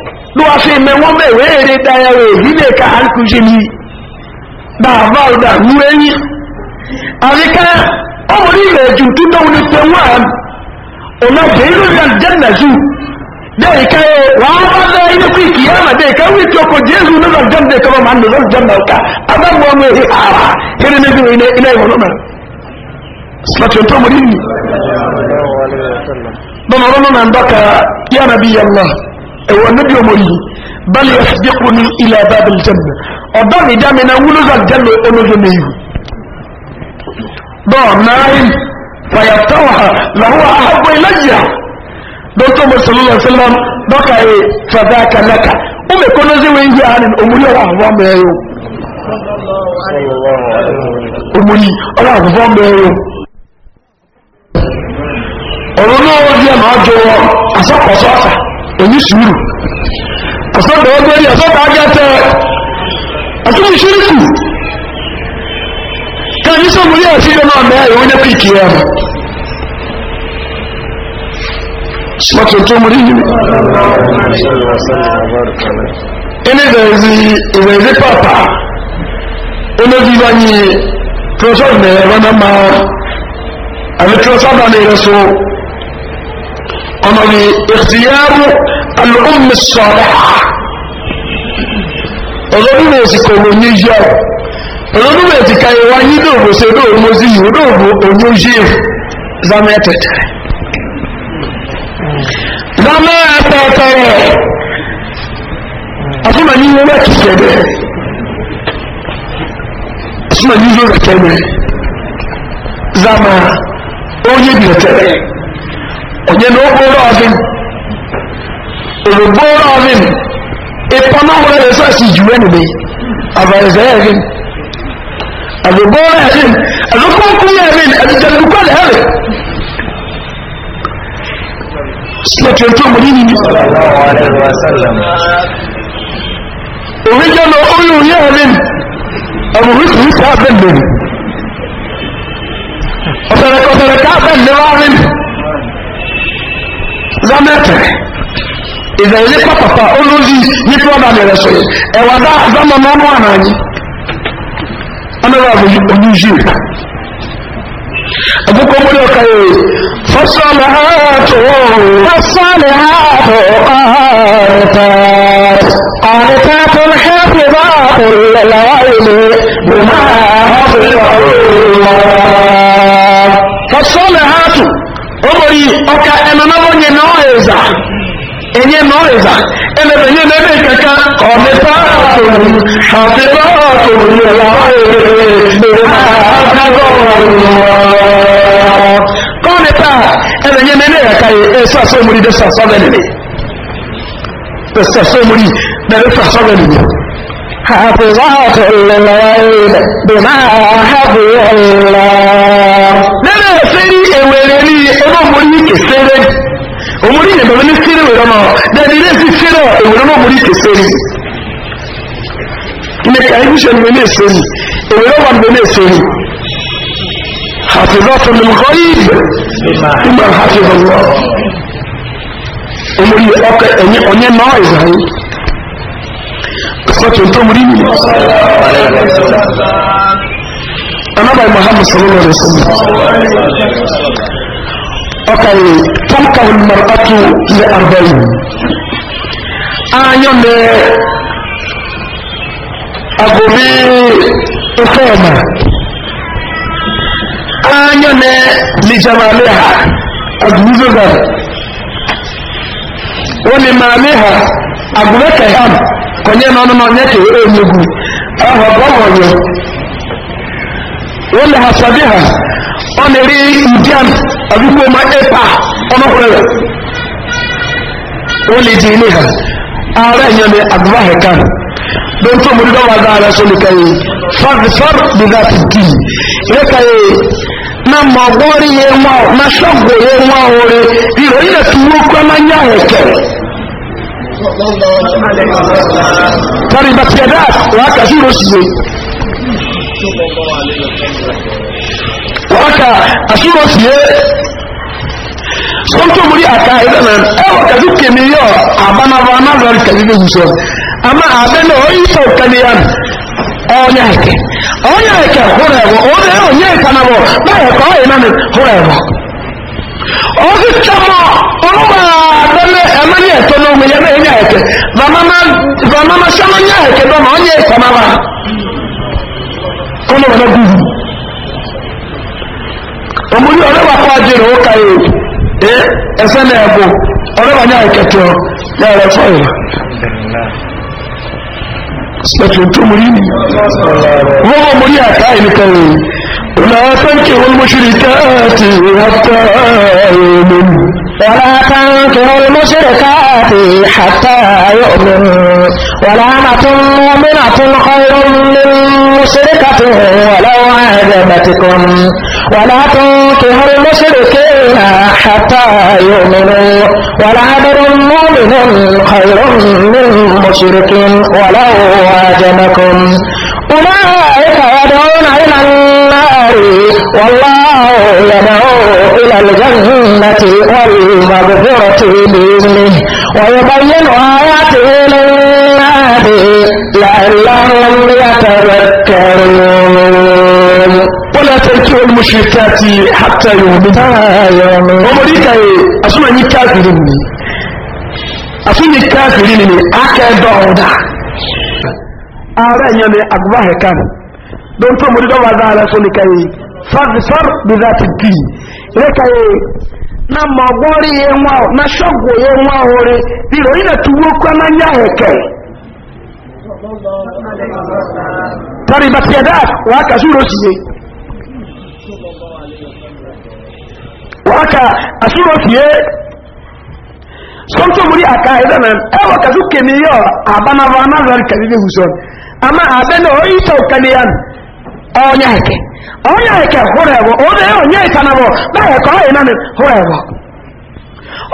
ló wá sí mẹ́wọ́n mẹ́wẹ́ èrè dáyàwó ìdílé ká àkùnjẹ ní bàbá ọ̀dà rú ẹ̀yìn àríká ọmọdé ilẹ̀ jù tútọ́ ní tẹ̀wọ́n ọ̀nà jẹ́rú ní àjẹ́nà jù dẹ́yìn ká ẹ wàá bá dá ilé fún ìkì yàrá dẹ́yìn ká wíì tí ọkọ̀ jésù ní àjẹ́nà kọ́ máa ń lọ àjẹ́nà ọ̀ká adágbó ọmọ èyí àrà kéré níbi ilé ilé ìwọ̀n náà sọ̀tún tó mọ̀ nínú bọ́mọ̀ ọlọ́mọ náà ń dọ́ka yára bí yàrá ẹ̀wọ̀ níbi ọmọ yìí bẹ́ẹ̀ni ẹ̀sìdẹ́kù ní ilẹ̀ bábìlì jẹ́nà ọ̀dọ́ mi dá mi náà wúlò zà jẹ́nà olóyè mi yìí bọ́ọ̀ náà yìí fàyàtọ̀wà làwọn àgbọ̀ ìlẹ́yà dọ́tọ̀ mọ̀sálọ́lọ́ sẹ́lọ́m dọ́kà yìí fàdá kànáka ó mẹ́ kọ́ lọ́sí wọ́n yìí àárín òmùlí ọ̀rọ̀ àwọ̀ mẹ́rin òmùlí ọ̀rọ̀ àwọ̀ mẹ́rin ọ̀rọ̀ náà wọ́n yẹ máa jọ asọ́kọ̀ọ́sọ́ àṣà òní sùúrù ọ̀sọ́dọ̀ ọgbẹ́rì ọ̀sọ́dọ̀ agẹ́tẹ ọ̀sọ́dọ̀ ìṣíríkù ká ní sọ́mu yẹ́ ẹ̀sìn lọ́nà ọ̀mẹ́ ẹ̀wọ́n ní pìkì ẹ̀ sọ́tò tó mú rí yìí ẹni ìrẹ̀zì ìrẹ̀zì pàpà olóbi wa ní pírọsọ́ọ̀mù ẹ̀rọ náà máa àbí pírọsọ́ọ̀mù àná ìrẹsọ́ ọmọ ni ìfìyàrú alùpùpù sọ̀rọ̀ ọ̀rọ̀dúnrún èsì kò wò ní yọ ọ̀rọ̀dúnrún èsì ka ìwà yí dòwò ṣe dòwò mo sí yìí dòwò òní yí zamẹ́tẹ̀tẹ̀ zamẹ́tẹ̀tẹ̀ àfúnà onye na okporo ọdịn orogboro ọdịn ịpọnọ nwere resọs juwe nime abarịza ya ọdịn orogboro ọdịn alụkọ ọkụ ya ọdịn ẹdịjẹ nnukwu ọdịn ẹrị sílẹ̀tì ojú ọmọdé nínú oríjọ́ lọ orí orí ọdịn ọmọdé kìí sáà bẹ́ẹ̀ lórí ọ̀sẹ̀rẹ̀kọ̀sẹ̀rẹ̀ káà bẹ́ẹ̀ lọ́wọ́ ọdịn zamẹtẹ ìdẹ̀yẹlẹ pàpàpà olórí ní fúlọ́dà bẹ̀rẹ̀ sọ̀rọ̀ ẹ̀wà dá àdámọ̀ mọ́nú àná yìí ọmọdé olùjì àkókò mọ́lé ọ̀ka yìí fọ́sọ̀lẹ̀ ààtò fọ́sọ̀lẹ̀ ààtò ààrẹ̀tà ààrẹ̀tà tó ń hẹ́pì bá òlẹ̀lẹ̀ wáyé lè máa hàbẹ̀ ọ̀rọ̀ fọ́sọ̀lẹ̀ ààtò ó mọ̀ yìí ọ̀ka ẹ̀nà náà ìzà ẹ̀yẹ náà ìzà ẹ̀mẹ̀mẹ̀ yẹn mẹ́rin kẹta ọ̀mẹ́fà ọ̀tọ̀rọ̀ àfẹ́fà ọ̀tọ̀rọ̀ ìwà kọ́mẹ́fà ẹ̀mẹ̀ yẹn mẹ́rin kẹta ẹ̀sọ́ àsọ́mọ́rí dẹ́sọ́ àsọ́bẹ̀lẹ̀ ẹ̀sọ́ àsọ́mọ́rí dẹ́sọ́ àsọ́bẹ̀lẹ̀ حفظات للغيب بما حفظ الله. Nẹ́nẹ̀ fẹ́ ní ewèrè ní ọmọ mo ní kìsẹ́rẹ́ omuli ne bɛbɛ ne seere wɛrɛ ma dɛbi ne si seere ewɛrɛ ma omuli te seere ne ka ebi sɛ ne e ne seere ewɛrɛ wa ne ne seere hafiza fɛnɛ nkɔyi ima hafiza wɔ omuli ɔkɛ ɛnyɛ ɔnyɛ nɔɔ ɛzan sɔtɔ ntomuli mi anabai muhammad sallallahu alaihi wa sallam ọkàwé tọ́mkàwé mọ̀rọ̀kọ́tù ilẹ̀ àbẹ̀yìn anyọ́mẹ́ agobi ifeoma anyọ́mẹ́ lijamaleha agubizogam wọ́n màmíha agubẹ́kẹ̀ham kọ̀nyẹ́ nọ́nọ́nọ́ nyẹ́kẹ̀ ẹ̀ ẹ̀ nyẹ́gu ọ̀họ̀ bọ́ọ̀yọ̀ wọ́n lè ha sàbí ha ọ̀nà rí indian àbíkú ọmọ ẹ̀pà ọmọkùnrin wọ́n lè ji ilé ha ààrẹ ìyẹn ni àdúrà ẹ̀ka ló ń tó mú dídọ́wọ́ àgbà rẹ̀ sọ nìkan yìí fàbífàb nígbà tí dì na mọ̀ gbọ́rí yé wọn ọ̀ na ṣọ́gbọ̀ yé wọn ọ̀ rẹ̀ ìròyìn ẹ̀ tí wọ́n gbọ́ máa ń yá ẹ̀kẹ́ tari bàtìyàdá waka asuro sie sɔntɔ muri aka ɛdana ɛwɔ eh, kadi kemi abana abanaba anadɔri kadi bi wusɔ ama abɛnɛ oyi sɔ kadi yan ɔnya ɛkɛ ɔnya ɛkɛ hɔrɔ ɛwɔ ɔnya ɛwɔ nyɛ ɛkanabɔ báyɛ kɔ ɔyɛ nani hɔrɔ ɛwɔ ɔsi tɛmɔ ɔnuma abɛnɛ ɛmɛni ɛtɔ n'omi yɛ n'enya ɛkɛ vamama vamama sɛmɛ nya ɛkɛ dɔn na ɔnya ɛkanaba kọ́nà wọn bí i òmùrí ọlọ́wà kọ́ ajé rẹ̀ ó ka ẹ̀ ẹ̀sẹ̀ náà bò ọlọ́wà ní àìkẹtẹ̀ ní ọ̀rẹ́ fọ́ ìlà sọ̀tún tó múrí ni wọ́n wọ́n múrí àká ìlúkọ̀ rẹ̀ ọ̀nà afẹ́kẹ̀ wọn mú ṣe rí káàtì wọ́n tá ààrẹ ولا تنكروا المشركات حتى يؤمنوا ولعنة مؤمنة خير من مشركة ولو عجبتكم ولا تنكروا المشركين حتى يؤمنوا عبر مؤمن خير من مشرك ولو عجبكم أولئك يدعون إلى والله يدعو إلى الجنة والمغفرة بإذنه ويبين آياته للناس لعلهم يتذكرون ولا تركوا المشركات حتى يؤمنوا ومريكا أسمع أني كافرين أسمع أني كافرين أكدوا أرى أنني أقبح كان دون تمر دوا ذا على سنكاي fagfar bizati dini reka ye na magori ye nwa na shogo ye nwa hore biro ina tuwo na nya heke tari batiyada wa ka suro siye wa ka asuro siye aka na sọ́tọ̀ múrí àká ìdáná ẹwà kàtúkè na yọ àbánáwà náà rẹ̀ kàdídé hùsọ́n àmà àbẹ́nà ó ìtọ̀ kàdíyàn onyeke onyeke hurebo ode onyeka nabo bae ko ina ni hurebo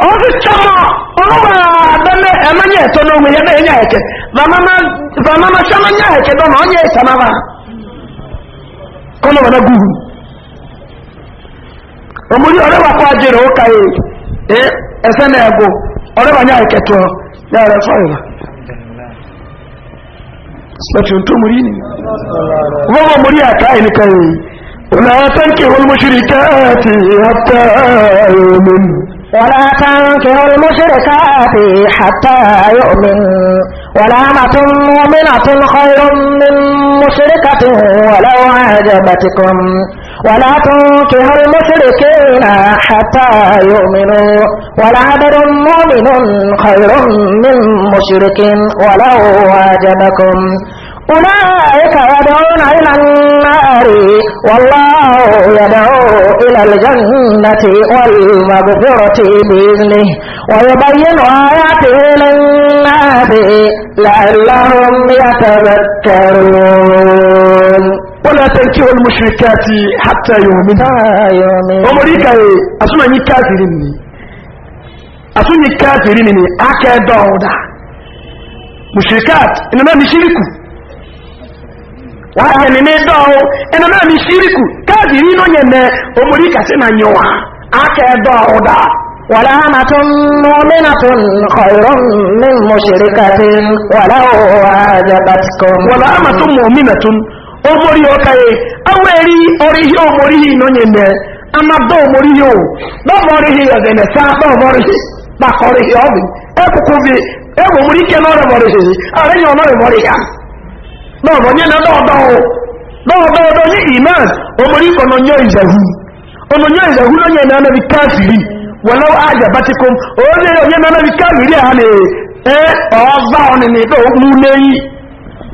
ozi chama oba bene emanye to no mu yebe nyeke mama ma mama ma chama nyeke do no onyeka naba kono bana guru omuri ore wa kwa jere o kai eh esene ego ore banya nyeke tụọ ya re faila sifatu to ne kuma muri ولا تنكحوا المشركات حتى يؤمن ولا تنكحوا ولا مؤمنة خير من مشركة ولو أعجبتكم ولا تنكه المشركين حتى يؤمنوا ولعبد مؤمن خير من مشرك ولو واجبكم أولئك يدعون إلى النار والله يدعو إلى الجنة والمغفرة بإذنه ويبين آياته للناس لعلهم يتذكرون wọ́n lọ́tẹ́ kí wọ́n mú ṣirikẹ́ àti hapta yomin ọmọdíkà yìí asúnmọ̀nyí káàkiri nìyí asúnmọ̀nyí káàkiri nìyí akẹ́ẹ̀dọ̀ ọ̀dà mú ṣirikẹ́ àti ẹnìmọ́ mi ṣíríkù wọ́n yẹ nínú ẹ̀dọ̀ ọ̀hún ẹnìmọ́ mi ṣíríkù káàkiri inú yẹn mẹ́ ọmọdíkà sí na yẹn wá akẹ́ẹ̀dọ̀ ọ̀dà omori ọkaye aweri orihi omorihi nonyene amado ihe o bọmọrihi ọdẹnẹ sá ọrụ bakọrihi ọbi ekuku bi ewu omori ike n'ọrẹ mọrihi ọrẹ yẹn ọlọrẹ mọrihi a bọmọ nye na dọọdọ o dọọdọ ọdọ nye iman omori na anabi wọlọ batikom onye onye na anabi ha na e,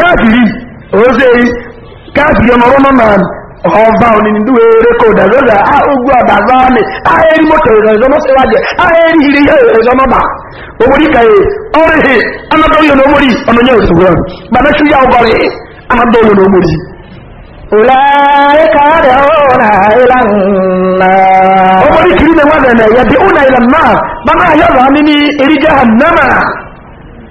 káàkiri òóse káàkiri ọmọ ọmọ náà ọba òní ní dúwé lọ́dà á àbàbá ni ahẹ́rí mọ́tò ìrọ̀lọ́mọ́ síwájẹ̀ ahẹ́rí ilé ìrọ̀lọ́mọ́ bà owó kàyé ọrẹ́hẹ́ anadọ́yọ̀ ní ọmọnyẹ́ òṣùwọ̀n bàbá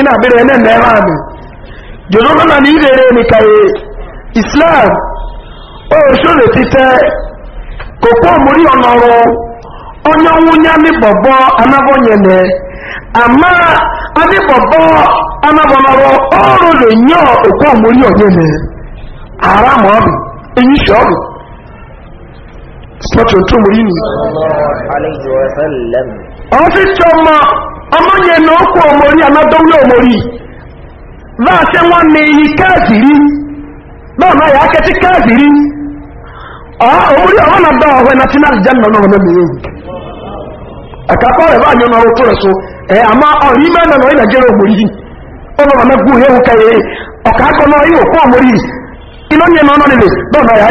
ina bere ne ne ma mi jodo na na ni rere ni kai islam o so le tite koko muri onoro onye nwunye mi bobo anabo nyene ama bobo anabo noro le nyo koko muri onyene ara mo bi eyi so bi sọ́tún tó mú ni. tó ọmọnye na okwu omori anadọwula omori vaasị nwanne ya ọ omori na dọ ọhụrụ na tinaz janna n'ọhụrụ na mmiri egwu akakọ ọrịa anyị n'ọrụ tụrụ so ee ama ọrụ ime na ọ na-ejere omori ọnụ ọma na gwuo ka ya ọka akọ na ọyị okwu omori ịnọnye na ọnọ nile n'ọna ya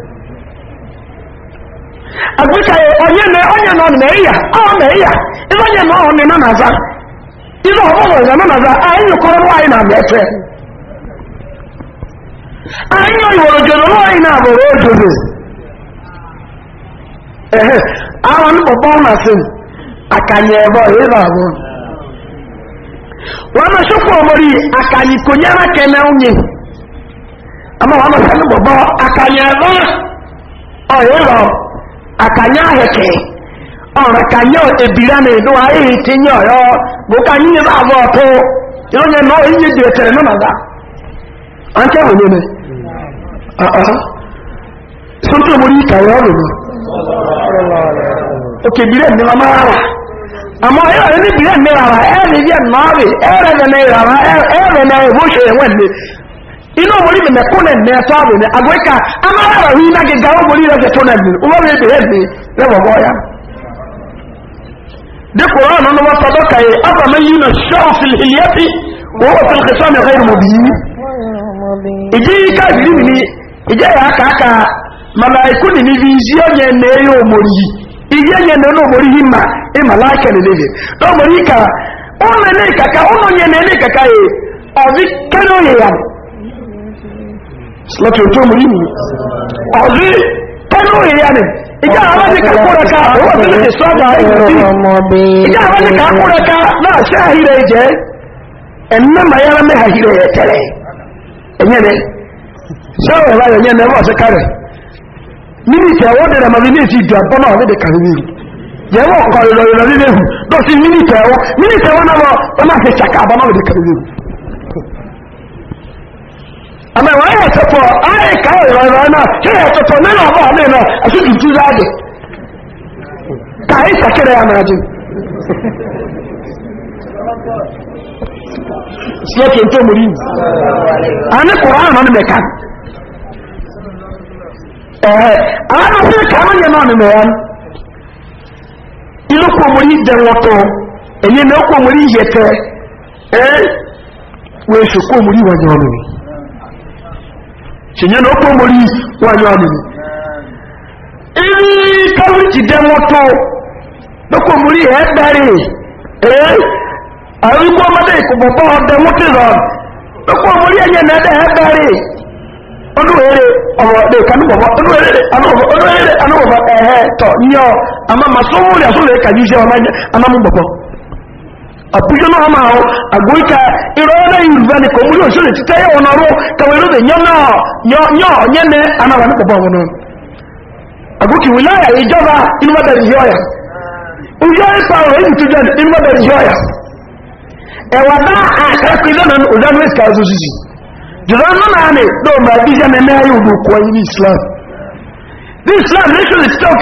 Africa yi onye na onye na na ọ onye na ọ na na aza ọzọ na na anyị ọrụ anyị na anyị oyiworo anyị na abụrụ ojoro ehe ahụ nkpọkpọ na sị m akanye ebe ọ ịba abụọ wọn asokwa ọmọdé akanye konyere onye ama ebe akanya aheke ọrụ kanya ebira na edo ehi tinye ọyọ bụ ka anyị nyere abụọ ọtụ onye na onye dị etere na mada anke ahụ nyere ike ya ọrụ oke bire mmiri ọma ara ama ya ọrụ ni bire na bụ inú omori mi mẹ kún ẹnẹ ẹtọ àbẹ mi àgọ ìka amára rẹ yín náà gẹgẹ àwọn omori rẹ jẹ kún ẹnẹ mi wọn bẹ bẹrẹ mi rẹ wọ bọ ya. dẹkùrọ ọ̀nà ni wọn sọdọ kàyé afọmọ yìí nà ṣọ́ọ̀ fìlìyẹ́tì wọ́n wọ́n fìlì kẹsàn-án mi ọ̀gá ìrùmọ̀ bìí. ìjì ká ìbírí mi ni ìjẹ́ yà á kàákà màmá ikú ni mi fi ìjì ọ̀nyẹ nẹ ẹyẹ omori yìí ìjì ẹ̀yẹ nẹ ẹnu omori yìí mà ìmà láàkẹ́ nìlẹ̀ yẹ lọ́mọdé kà ó ní kàkà ó nọ ní kàkà yẹ ọ̀bí kẹ́lẹ́ òyè sílọ́tì ojú omi yìí ọ̀rí pẹ́lú ìyàní ìjà àwọn ní kàkúrẹ́ká owó tí lè sọ́gbà ìrìnàjì ìjà àwọn sí àmà eh, a yẹ tẹpọ ayé ká ìrọ̀ ìrọ̀ náà ṣé yẹ tẹpọ nínú ọba mi náà àti dùdú láàdì káyé sàkéré yà máa jẹ. sílẹ̀kì tó mú rí mi. àní kò rán àná mẹ́ka. ẹ̀ẹ́ àwọn ọmọ mi kàwọn yẹn náà ya. ilé kò kò yẹtẹ wọ́n kò ṣèyẹ ní ó kó mórí wáyé ọ̀nìyàn ibi káwí ti dẹ́ mọ́tò lókò mórí ẹ̀ dárí ẹ̀ àrígbó ọmọdé ìkọ̀bọ̀bọ̀ ọdẹ mọ́tò rọ̀ lókò mórí ẹ̀yẹ nẹ́dẹ̀ ẹ̀ dárí olúwèrè ọ̀rọ̀ ọ̀dẹ̀ kanúbọ̀bọ̀ olúwèrè anúbọ̀bọ̀ ẹ̀hẹ́ tọ̀ yíyan àmọ́ màsúwúrẹ̀ àsúwèrè kàjú iṣẹ́ ọmọ anamúbọ̀bọ̀ àpúṣọ́nà ọmọ àwọn àgbóríkà ìrọ́lẹ̀ yorùbá ni kò múlò ṣe lè títẹ́ yẹ̀wọ̀n ọ̀rọ̀ kàwẹ̀lódé yọ́nyẹ́nẹ́ anáwà ní pọ̀pọ̀ wọn àgbókì wìláyà ìjọba inúbẹ̀rẹ̀ yọ́yà ojú ẹ̀fà ọ̀rọ̀ èyí tó jẹ́ inúbẹ̀rẹ̀ yọ́yà ẹ̀wà dá àkẹ́kọ̀ọ́dọ́nà ọ̀dánú ìsìkà ọ̀sọ̀sì jùlọ náà ni dọ́ọ̀mà ìjẹ́ mẹ́mẹ́ islam islam nation is talk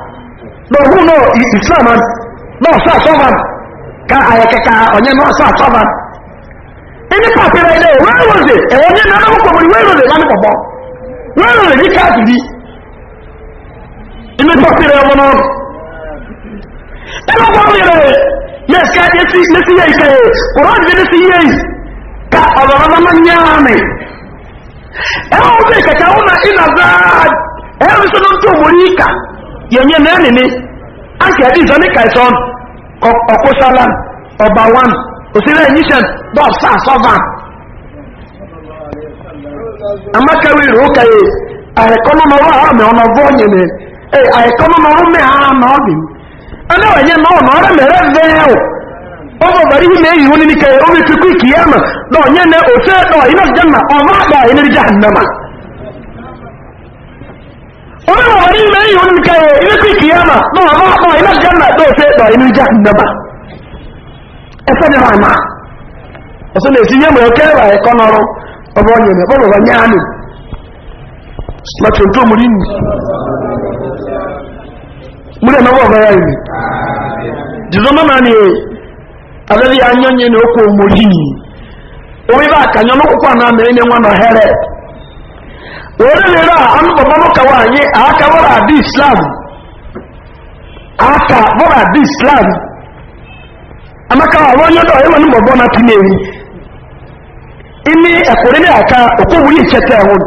na ọhụ na ọsọ ka ayekeka onye na ọsọ asọba ndị papịrị ile wee onye na anụ kpọmụrụ wee roze ya nkpọmọ wee roze gị ka adịghị ndị papịrị ọmụ n'ọrụ ebe ọgbọ mmiri na ka esi nesi ya ike kwụrụ ọdịdị nesi ya ka ọbara na nye amị ebe ọgbọ mmiri kaka ọ na ebe na ntụ ka yẹnyẹ mẹ́rin ni ánkì ẹ̀dí ìzọ́ ní kẹsàn ọkọ́sálà ọba wan òsìlẹ̀ ẹ̀yíṣẹ́n dọ́ọ̀sá sọ́fà amákẹ́wì rò kẹyẹ àìkọ́nọ́nọ́rọ́ àmì ọ̀nà vọ́ọ̀nyẹ̀ mi àìkọ́nọ́nọ́rọ́ mi àmà ọ̀bì mi ẹni wẹ̀nyẹ na ọ ọ̀rẹ́ mẹ́rẹ́ vẹ́ẹ̀ o ọmọ bàrí yìí mẹ́rin na ní kẹyẹ omi náà wani wani mai yi wani kayo ina kai kiyama ba ba ba ina janna do se do ina jahannama e konoro obo nyi ne bobo nyani lati to muri ni mure na bo a ya ni dizoma na ni alali anyonye ne okwo muri ni obi ba kanyo no na mere nwa no here orere a anụbọmanụ kawa anyị aka bọrọ adị islam aka bọrọ adị islam amaka àwọn onye ọdọ ẹwọn mbọbọ na pinne ewu imi ẹkùnrin ní àka òkú wúrí ìkẹtẹ ẹwọn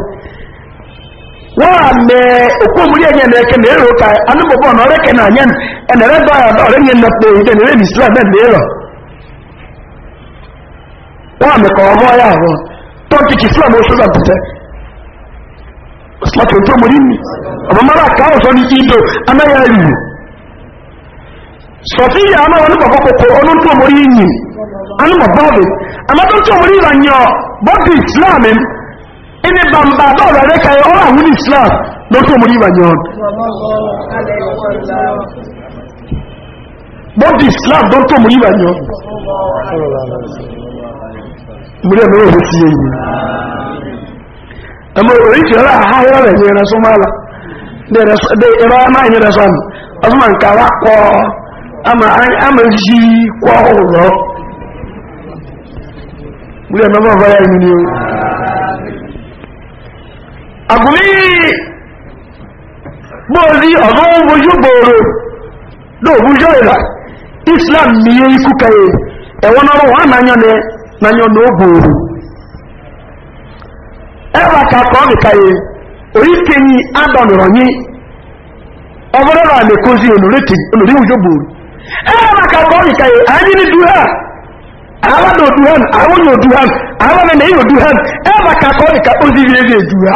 wọn a mẹ òkú wúrí na ẹnẹ ẹkẹ ní èrò ka na ya ọrẹ nye nọ islam a ka ọmọ ya àwọn tọ́ntì kìsìlámù láti ojú ọmọ nínú ọmọ mara káwọn sọ ní ìdò anáyà ìlú sọfíyà anáwọn ní bàbá kòkòrò ọdún tó mọ yìí anúmọ̀ bọ́ọ̀lù amátó tó mọ yìí yọ bọ́ọ̀dù islam ẹni bàmbà bọ́ọ̀lù rẹ̀ kẹyọ ọ̀rọ̀ àwọn islam ló tó mọ yìí yọ bọ́ọ̀dù islam ló tó mọ yìí yọ múlẹ̀ mẹ́rin ò amma wuri ke ra ha ya da ne rasu mala da rasu da ira ma ne rasu am asman ka ko ama an amarji ko horo wuri ba ya ne boro do bujo ila islam ni yiku kai e wona ro na no ẹwà kàkọ́ nìkàyè oríkèyí adọ̀nìrọ̀ yí ọmọdọ́rọ̀ àmẹ́kọ́sí ka òjò gbòòrò ẹwà kàkọ́ nìkàyè ayé ní dúhà àwọn òdúhàn àwọn òdúhàn àwọn ẹ̀nà yìí òdúhàn ẹwà kàkọ́ nìkà òsì rí ka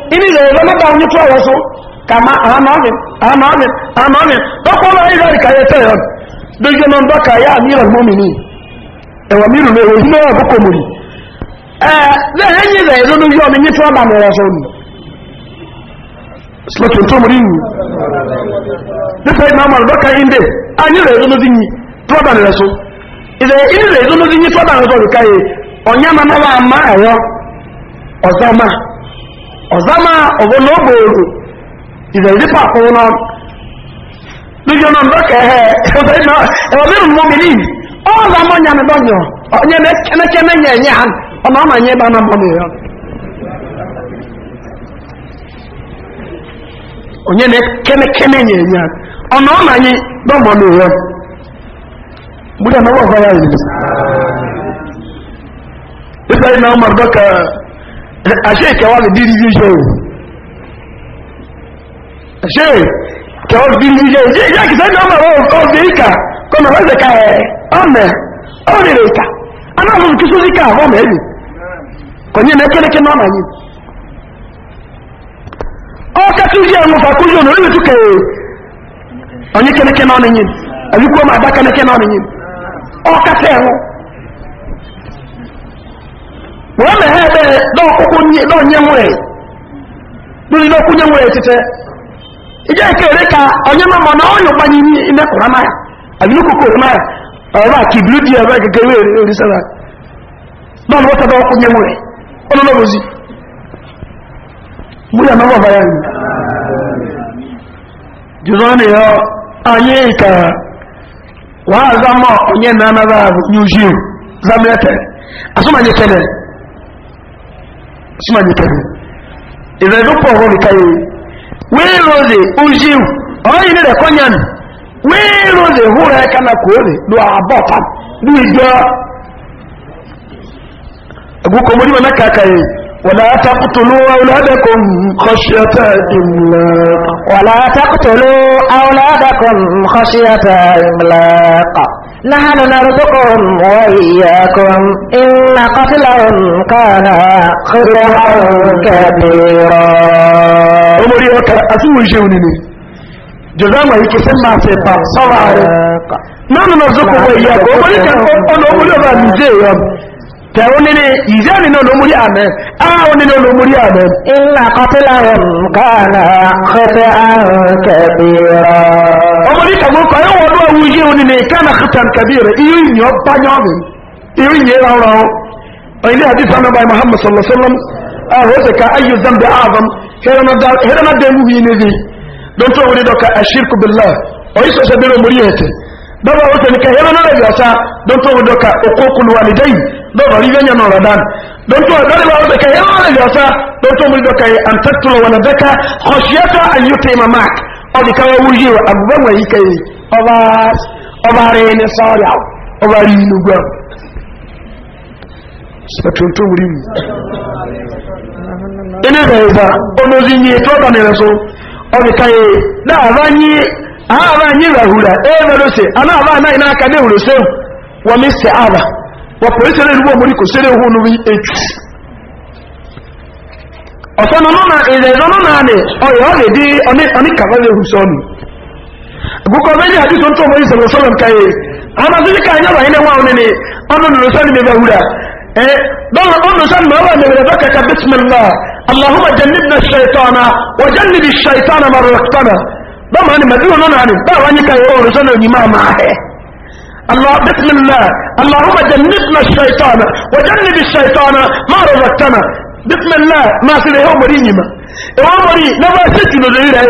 ibi ìrẹ̀lẹ̀ lọ́lọ́bà ní tó ọ̀rọ̀ sún kàmá àmàmì àmàmì àmàmì lọ́kọ́lọ́ ìrẹ̀ ìkàyẹ tẹ̀yọ̀ lójú ọmọ bọ́kà yá mìíràn mọ́mì ní ẹ̀wọ̀ mìíràn lórí ní ọ̀bùkọ̀ mòrì lẹ́yìn rẹ̀ ló lójú ọmọ ní tó ọ̀bà mọ̀rọ̀ sún slọ́tún tó mòrì yìí nípa ìmọ̀ àmọ̀ bọ́kà ìndè ayé rẹ̀ ló lójú yìí tó ọ̀bà mọ̀rọ̀ sún ìrẹ̀ ìrẹ̀ ló lójú yìí tó ọ̀zámà ọ̀bọ̀ n'ogbòrò ìzẹ̀rí pàkún náà ọ ọ̀nà ǹdọ́kẹ̀ ẹ̀hẹ́ ẹ̀wọ̀bẹ̀rù mọ́mìnì ọ̀zá mọ́ nyàmì dọ́nyọ̀ ọ̀nyẹ́ mẹ́kẹ́mẹ́ nyẹ̀ nyẹ́ hàn ọ̀nà ọ̀nà nyẹ́ bá na mọ́mì yọ. onye àṣẹ ìkẹwàá lè dírí yíṣẹ́ òun àṣẹ ìkẹwàá lè dírí yíṣẹ́ òun yíṣẹ́ ìkẹsẹ́ ní ọmọ àwọn òfin ìkà kọmọ lọ́sẹ̀ ẹ̀ ọmọ ọrẹ̀rẹ̀ ìkà anáàlùm kí sósì ọmọ ẹ̀rù kò ní ẹ̀mẹ́kẹ́lẹ́kẹ́ náà ọ náà wọ́n nwere hẹ́ bẹ́ẹ̀ lọ́ọ̀kúnyẹ nwere títẹ́ ìjẹ́ ìkèrè ka onye mọ́mọ́ na ọyọ̀ gbanye ilẹ̀ kùrámáyà àbílùkùkù kùrámáyà ọ̀rọ̀ àti ìbílú di ẹ̀rọ gẹ́gẹ́ wé rí sára nọ nwere ya anyị ka zamọ onye na-anara ahụ nye ojii zamịa súnmọ̀nyíkẹ́ni ìrẹ̀lúpọ̀ wọn nìkáyé wíìrọ̀dẹ̀ ojú ọ̀rọ̀ yìí rẹ̀ kọ́nyánì wíìrọ̀dẹ̀ húrẹ̀ ẹ̀kánà kòórè ló àbọ̀ta ní ìjọ agbókò mọ́rí wọn kàkàyè wàlá takùtùlù àwòládàkùn kọ́ṣíọ́tà ìmìlá wàlá takùtùlù àwòládàkùn kọ́ṣíọ́tà ìmìlá kà نحن نرزقهم وإياكم إن قتلهم كان خطئا كبيرا أمري وكر أسوي جونني جزاما يكي سمع سيطان صواري نحن نرزقهم وإياكم أمري كان أنا أمري أبا نجيهم tẹ̀wọ́nìní ìjẹ́rì náà ló múrí àmẹ́ ààwọ̀nì náà ló múrí àmẹ́ ilá kọtíláwọ̀n gánà kẹfẹ́ àrùn kẹfẹ́ rọ ọmọdé kàmú kọ yóò وجي وني كان ختم كبير يين يوبا نيوبن راو يراو اين حديث عن باي محمد صلى الله عليه وسلم اه وذاك اي ذنب اعظم هنا دا هنا دا مو ينزي دونت وري دوك الشرك بالله ويس سبيل مريته دابا وتا نك هنا نا جاسا دونت وري دوك حقوق الوالدين دابا لي ري جنا نورادان دونت وري دوك هنا نا جاسا دونت وري دوك ان تقتل ولدك خشيه ان يتم معك او دي كان وجي ابو بكر يكاي ọba rẹ̀ ní sọ́ọ̀rẹ̀ ọba rí inú gbọ́ ṣàtúntò rí mi inú rẹ̀ ìgbà ọ yìí tó ọ̀dọ̀ nìrẹ̀ so ọ̀dìkà yìí láàbá yí àbá yí ràhùrà ẹ̀rọ ló ṣe aláàbá náà iná aka ní òrò sẹ́wù wọ́n mi ṣe àbà wọ́n pẹ̀lú ṣẹlẹ̀ ìlú ọmọdé kò ṣẹlẹ̀ òhun lórí ètù ọ̀sán nínú ìrẹ̀ ìrọ̀nà náà ni ọ̀yọ́ lè ọ na kàfẹ́ lè guko bɛ hadi tun tɔ mɔri sɛbɛ sɔlɔ ka ye ama sini ka ɲɛ ba hinɛ wa ne ni ɔnu nulu sani bɛ wura eh dɔn ɔnu sani ma wa nɛgɛ bɛ ka ka bisimila allahumma jannibna shaitana wa jannibi shaitana ma raktana dɔn ma ni ma dino nɔnɔ ani ba wa ni ka ye ɔnu sani ni ma ma hɛ الله بسم الله اللهم جنبنا الشيطان وجنب الشيطان ما رزقتنا بسم الله ما سنه يوم ريما يوم ري نبا سجن ذي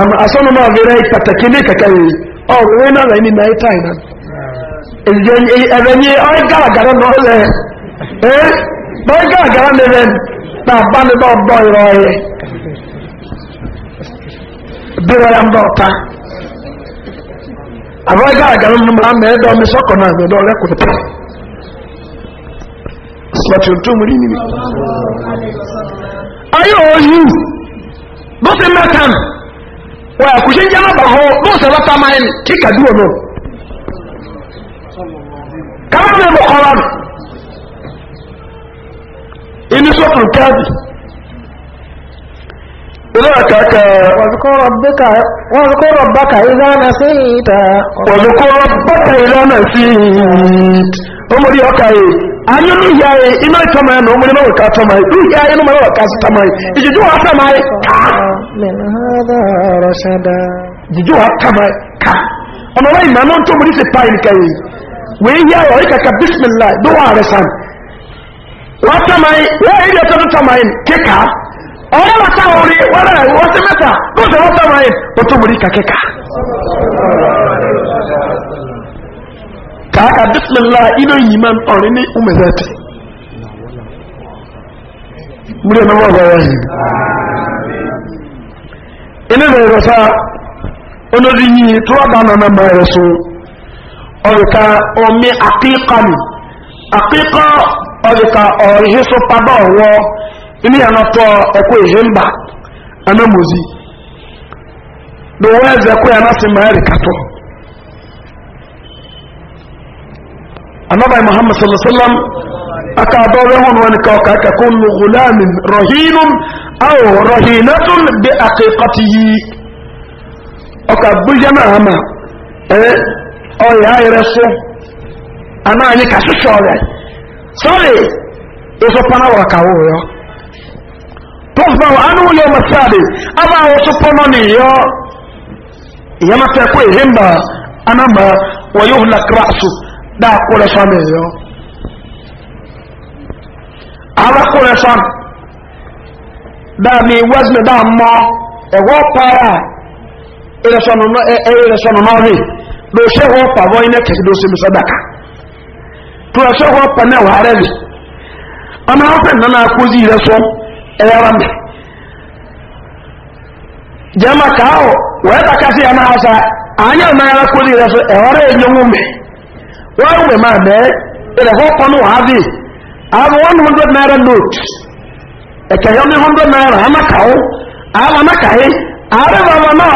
ama asɔnna maa bɛrɛ pataki ne ɔ wɔn na la ni na na ɛbɛ eh, nye ɔyɛ gara na ɔlɛ ɛɛ na ɔyɛ gara gara na eh, ba ne ba ɔbɔ yɔrɔ yɛ bɛrɛ ya ɔta na na mɛ ɔlɛ kò ni nimi bó ti wọ́n àkùsẹ́ jẹ́ àbà hó lóòsẹ̀ lọ́ta máa ń kí kàdúrò náà káàkiri ló kọ́ra nù inú sọ́tún káàdì ilé àkàkà wàzùkọ́ rọ̀bákà ìlànà sí ìta wàzùkọ́ rọ̀bákà ìlànà sí ìta ọkà yìí anyo ni yaye ino itama no muri mawe ka tama i yaye no mawe ka tama i jiju wa tama i ka min hada rashada jiju wa tama ka ono se pai kai we ya o ka ka bismillah do wa rasan wa tama i wa ile to tama i ke ka ọ̀rẹ́ wata orí wọ́n rẹ̀ sí mẹ́ta kó sọ wọ́n tọ́ máa yìí ó tó mú aka bismillah ino yiman ọ̀rin ní umezete múlẹ̀ náà wọ́n wọ́n yìí inú rẹ̀ rẹ̀ sá ọba nọ tó wà bá nana mọ̀ rẹ̀ so ọ̀rìkà omi àkíkà ni àkíkà ọ̀rìkà ọ̀rìhìn so padà ọ̀wọ́ inú yà náà tọ́ ẹ̀kọ́ ìhìnbà anamozi lówó ẹ̀zẹ̀kọ́ yà النبي محمد صلى الله عليه وسلم أكاد لهم ونكاك تكون غلام رهين أو رهينة بأقيقته أكاد بجمع أما أو إيه؟ يا رسول أنا أنك أسوشوالي سوري يصفنا وركاوه يا تفضل أنه اليوم السابق أما وصفناني يا يا ما تقول همبا أنا ما ويهلك رأسه dáa kúrẹ́ sọ́nà èèyàn àwọn kúrẹ́ sọ́nà dáa mi wẹ́sìlẹ̀ dáa mọ́ ẹ̀wọ́ para ìrẹsọ̀nà náà rí ló ṣe wọ́n pàwọ́ iná kẹsì ló sinmi sọ́dàkà tó ṣe wọ́n pa náà wà rẹ̀ lè ọmọ afẹ́ nana akózi ìrẹsọ ẹ̀yára e mi jẹ́ma káwọ̀ wẹ́ẹ́ bá e kásì yà máa sa àányà náà akózi ìrẹsọ ẹ̀wọ́rẹ́ ẹ̀yẹ́wọ́ mi. wọ́n wẹ̀ máa mẹ́ ilẹ̀ họ́pọ̀ ní wàhálì àwọn one hundred naira note ẹ̀kẹ́ yọ ní hundred naira anákàó àwọn anákàáyé àárẹ̀ bàbá náà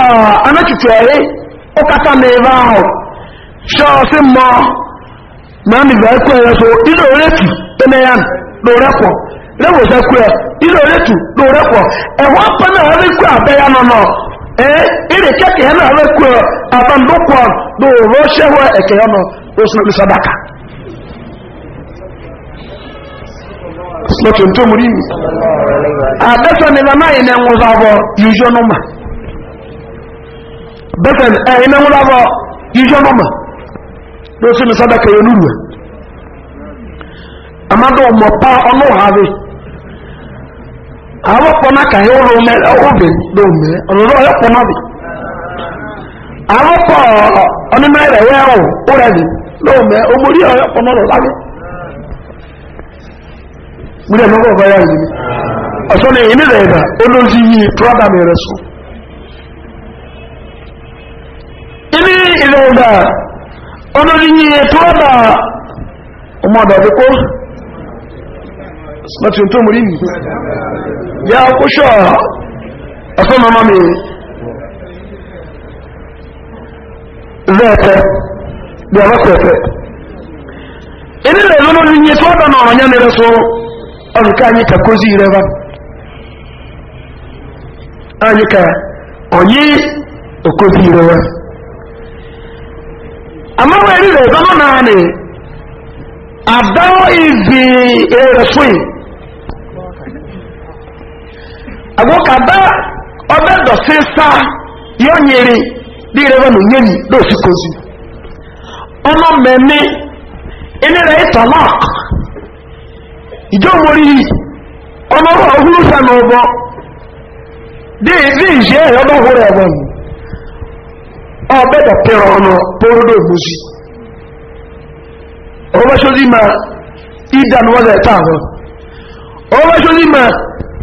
anákìtì ẹ̀rí ó kàtà ní ibà ahọ̀ ṣọ́ọ̀sì mọ́ náà ní ìgbà ẹ̀kọ́ ẹ̀rọ so ilé òrètù tẹ́lẹ̀yà lórẹ́kọ̀ lẹ́wọ̀sẹ̀ kú ẹ̀ ilé òrètù lórẹ́kọ̀ ẹ̀wọ́ pẹ́lẹ̀ ọ̀rẹ́ kú àbẹ́yà náà ẹ̀ ìrẹ̀kẹ́kẹ́ náà rẹ́kọ̀ àbámdókọ̀ lóòrọ̀ ṣẹ́wọ̀ ẹ̀kẹ́ náà osùnàlù sadaka slọtun tó múrí mi àbẹ́sọ̀ ni mama yìí nẹ́wọ́n sábọ̀ yíyọ́ nọ́mà bẹ́sẹ̀ ẹ̀yìn nẹ́wọ́n sábọ̀ yíyọ́ nọ́mà sadaka amadu ọmọ pa ọlọ́wàárí ọrụ pọnà kàyé ọrùn mẹ́rin ọ̀bẹ̀ lóòmẹ́ ọ̀rọ̀ ya lóò mẹ́ omori ọ̀rẹ́ ọ̀pọ̀nà lọ lábẹ́ múlẹ̀ ẹ̀mọ́gbọ̀ ọ̀gá yà yìí ọ̀sọ́ ni èyí nílẹ̀ ẹ̀dà olóòjì yìí trọ́dà mi olóòjì yìí bí ọba kọ ẹfẹ ẹni rẹ lọnà ní nyẹ tó ọdọ n'ọrọ nyẹ nìrẹ so ọdún ká anyi ka kozi rẹ ba anyi ka ọnyi okozi rẹ wa amáwọ ẹni rẹ lọnà náà ni adáwọ ìzì ẹrẹ fún agbókàdá ọbẹ dọ̀sí sá yọ bí rẹ wọn nyẹ ni lọsí kozi ọmọ mẹ́mí inú rẹ̀ ìtọ̀lọ́k ìjọ mórí ọmọ ọgbọ́n sànà ọbọ dèédé ìṣe ẹ̀yọ́ bá hóró ẹ̀wọ̀ ni ọbẹ̀dẹ̀ pẹ̀rọ ọ̀nà pòròdó ìgbòsí ọbẹ̀ sọ́dí ma ìdánwọ́lẹ̀ táwọn ọbẹ̀ sọ́dí ma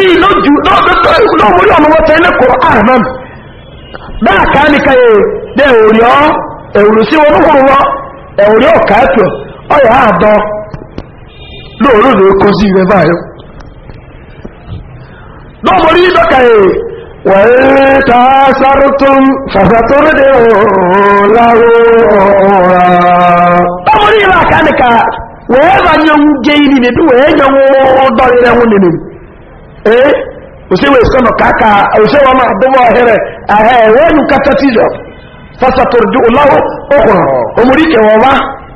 yìí lójú lóòmúrí ọmọ tẹ́lẹ̀ kọ̀ ààrùn bẹ́ẹ̀ káàkà yẹ dẹ òrí ọ́ ẹ̀wùrù sí wọn wọ́ ẹ̀wùrí ọ̀ká ẹ̀tọ̀ lóòrò kó sí báyọ̀ wọ́n ta sáré tó ń dé ọ̀rọ̀ eh usiwe sono kaka usiwe ma adomo ahere ahe wenu katatizo fasa turdu lahu ukhra umurike wa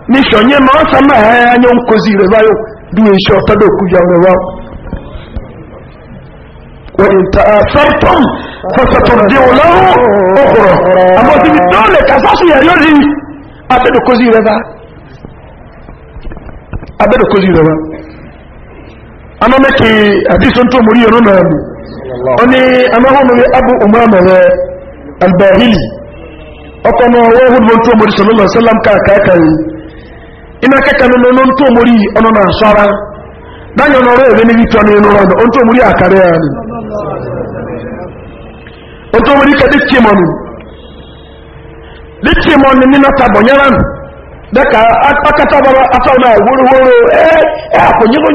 ni shonye no sama anyo nkozi re bayo duwe sho tado kuja re wa wa in ta'asartum fasaturdu lahu ukhra amma si tole kasasu ya yori abedo kozi re ba abedo kozi re ba ama meki hadisun to muri yono na mu oni ama hono ye abu umama ye albahili oko no wo hudu to muri sallallahu ka ina no na sara Na yo no re no akare ya ni on to muri na tabonyaran daka akata bara asauna woro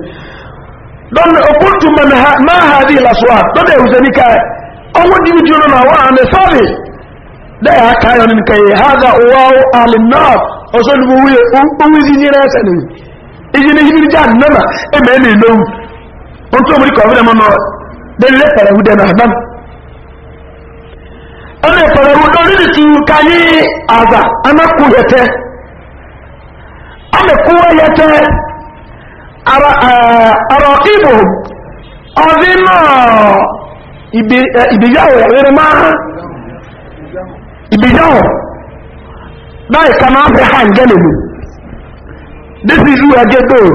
don okultu ma laswat e ka na wa ne sabe da ya ka ni kai hada waw alin oso ni wuye uwizi ni rasa ni iji ni hibir jahannama e me ni lo on muri ko bi de le na hadan ana para hu don ni tu aza ana ọ̀rọ̀ ìbò ọdí náà ìbìyàwó rere máa ìbìyàwó báyìí kan máa bẹ̀ hàn gẹ́lẹ̀ mú dísì ìlú ẹgẹ́ dòrò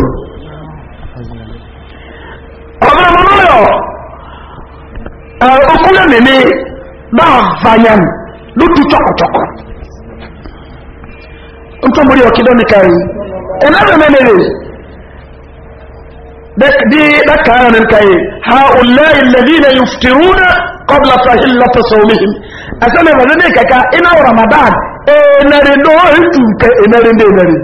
ọ̀bẹ̀rẹ̀ mọ́ lọ́yọ̀ okúnlẹ̀ mímí báà vayan lójú chọ́kọ̀chọ́kọ̀ ntọ́mọ̀rí ọ̀kídọ́nìkà yìí ẹ̀nà rẹ̀ mẹ́lẹ̀ rẹ̀ dị ɗaka ranar ha ulayi lalina yi fitiru na kọbla sahi lata saunihim a sami wani ne kaka ina wa ramadan enari nori tuka enari ndị enari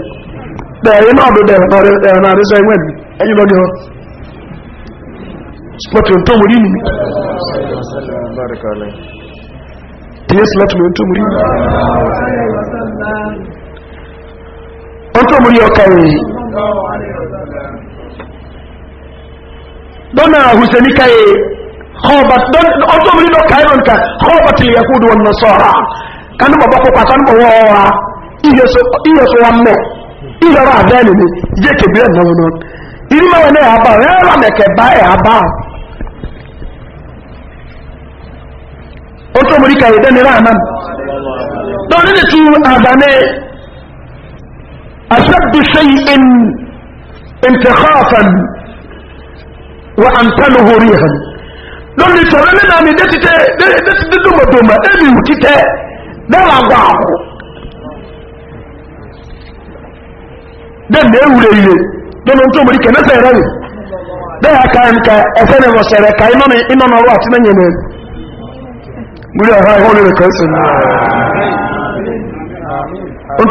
da yi na ọdụ da yana ọrụ da yana arisa yi nwere enyi lọdị ọ spọtụ ntọ dona huseni kai khobat don oto mi do kai don ka khobat al yahud wan nasara kanu baba ko kan bo wa iyo so iyo so wamme iyo ra dani ni je ke bi na wono iri ma wona aba ra me ke ba e aba wa antanu hori han lórí sọ̀rọ̀ nínú àmì dẹ́títẹ́ dẹ́títẹ́ dùmọ̀dùmọ̀ ẹ̀mí òtítẹ́ lẹ́wà gbà áhù dẹ́mẹ̀ ewúre ire dẹ́nu tó mọ̀rí kẹ́mẹ́sẹ̀ rẹ̀ bẹ́ẹ̀ aka ẹ̀ nka ẹ̀fẹ́ ni wọ́n sẹ̀rẹ̀ ka iná iná náà wà tínú yẹn mẹ́rin múrí ọ̀há ẹ̀họ́ rẹ̀ kọ́ sí ní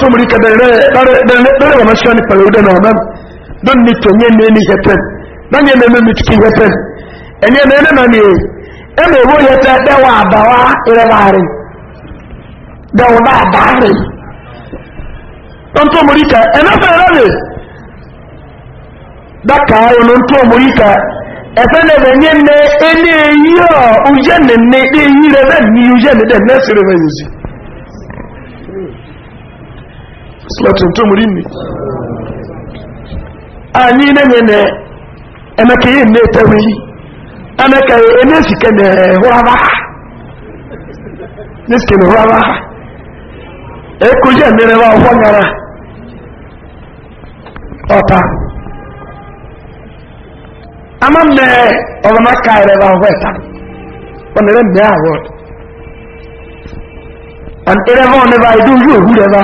tó mọ̀rí kẹ́dẹ̀ rẹ̀ lẹ́rẹ̀ wọ̀n mẹ́sẹ̀ ní pẹ̀lú dẹ́nu ọ̀mẹ́m na mẹ́mẹ́ mi tukì yẹtẹ́ ẹ̀nyẹ́ mẹ́mẹ́ mẹ́mẹ́ yẹ ẹ̀mẹ́ owó yẹtẹ́ dẹ́wọ̀ àbáwá ìrẹ́bàárẹ̀ dẹ́wọ̀ bá àbáárẹ̀ na mọ̀ríkà ẹ̀nẹ́fẹ́ rẹ̀ efe ayọ̀ ló ntọ́ mọ̀ríkà ẹ̀fẹ́ lẹ́fẹ̀ nyẹ́ emeka ihe na-etewe yi emeka enesike e na-ehụaba nesike na-ehụaba ekuzi emerebe ọhụọ nyara ọta ama mme ọbamaka erebe ọhụọ eta ọnere mme ahụ an erebe ọnebe anyị dị ohu ohu reba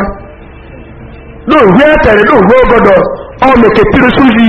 n'ohu etere n'ohu ogodo ọ na meketiri suzi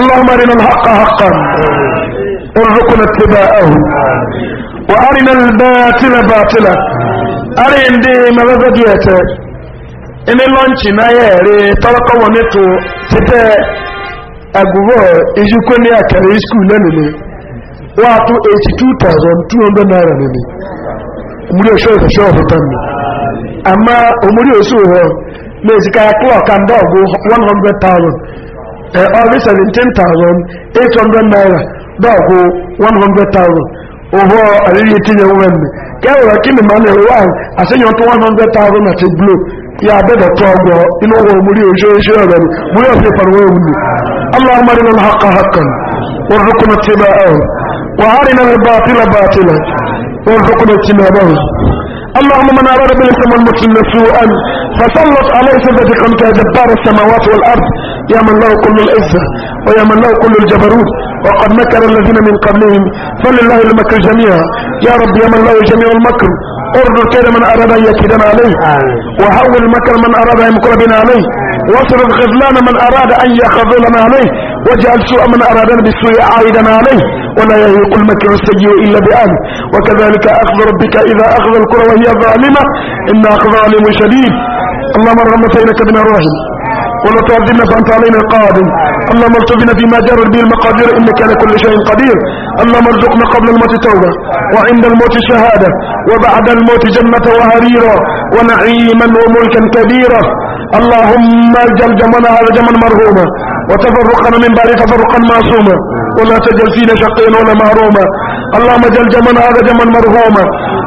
اللهم ارنا الحق حقا ارزقنا اتباعه وارنا الباطل باطلا ارين دي مغزديته ان لونشي نا يري تركو ونتو تبه agụbọ ejikwe ndị akara iskul nanene watu 82,200 naira nene omuri oshofu shofu tanu 100,000 ọ̀rí eh, seventeen thousand eight hundred naira dọ́ọ̀kú one hundred thousand owó àríyí tí yẹn wọ́n mi kẹwàá kí ni màá lè wá àṣeyàn tó one hundred thousand àti blue yà bẹ́ẹ̀ tó ọgbọ inú wọn mú rí oṣù oṣù ọ̀rẹ́ mi mú yóò fi pàrọ̀ wọ́n wù mí. اللهم ارنا الحق حقا وارزقنا اتباعه وارنا الباطل باطلا اللهم من أراد بالإسلام والمسلم سوءا فسلط عليه سلطة قمت جبار السماوات والأرض يا من له كل العزة ويا من له كل الجبروت وقد مكر الذين من قبلهم فلله المكر جميعا يا رب يا من له جميع المكر ارجو كيد من أراد أن يكيدنا عليه وهول مكر من أراد أن يمكر بنا عليه واصرف خذلان من أراد أن يخذلنا عليه واجعل سوء من أرادنا بالسوء عائدا عليه ولا يهيق المكر السيء إلا بأهله وكذلك أخذ ربك إذا أخذ الكرة وهي ظالمة إن أخذ ظالم شديد اللهم ارحم فإنك بنا الرحيم ولا تعذبنا فأنت علينا قادر اللهم ارزقنا فيما جرت به المقادير إنك على كل شيء قدير اللهم ارزقنا قبل الموت توبة وعند الموت شهادة وبعد الموت جنة وهريرا ونعيما وملكا كبيرا اللهم اجعل جمعنا هذا جمعا مرهوما وتفرقنا من بعد تفرقا معصوما ولا تجل فينا شقيا ولا مهروما اللهم اجعل جمن هذا جمن مرهوما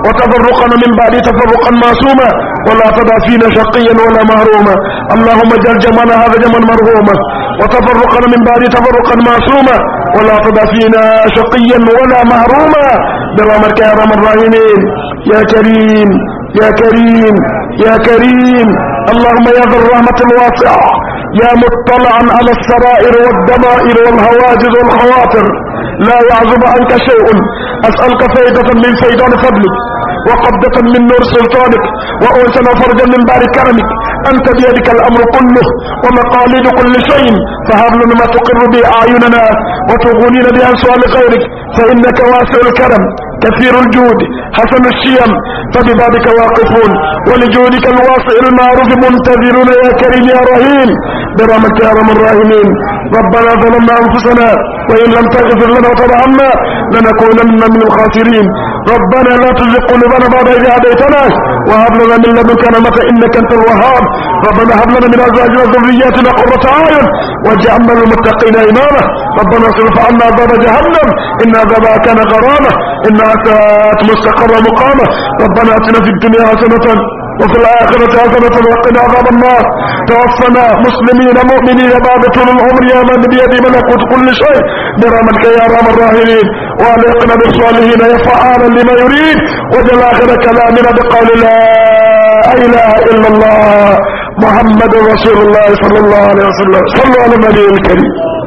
وتفرقنا من بعد تفرقا معصوما ولا تدع فينا شقيا ولا مهروما اللهم اجعل جمن هذا جمن مرهوما وتفرقنا من بعد تفرقا معصوما ولا تدع فينا شقيا ولا مهروما برحمتك يا ارحم الراحمين يا كريم يا كريم يا كريم اللهم يا ذا الرحمه الواسعه يا مطلعا على السرائر والضمائر والهواجز والخواطر لا يعزب عنك شيء أسألك فائدة من فيضان فضلك وقبضة من نور سلطانك وأنسنا فرجا من بار كرمك أنت بيدك الأمر كله ومقاليد كل شيء فهب لنا ما تقر به أعيننا وتغنينا بأن سؤال غيرك فإنك واسع الكرم كثير الجود حسن الشيم فببابك واقفون ولجودك الواسع المعروف منتظرون يا كريم يا رحيم برحمتك يا رب الراحمين ربنا ظلمنا انفسنا وان لم تغفر لنا وترحمنا لنكونن من الخاسرين ربنا لا تزغ قلوبنا بعد اذا هديتنا وهب لنا من لدنك رحمة إنك أنت الوهاب ربنا هب لنا من ازواجنا وذرياتنا قرة اعين واجعلنا للمتقين اماما ربنا اصرف عنا عذاب جهنم ان عذابها كان غراما انها ساءت مستقرا مقاما ربنا اتنا في الدنيا حسنه وفي الآخرة حسنة وقنا عذاب النار توفنا مسلمين مؤمنين باب طول العمر يا من بيد ملكوت كل شيء برحمتك يا أرحم الراحلين وألقنا بالصالحين يا فعالا لما يريد وجل آخر كلامنا بقول الله اله الا الله محمد رسول الله صلى الله عليه وسلم صلوا على النبي الكريم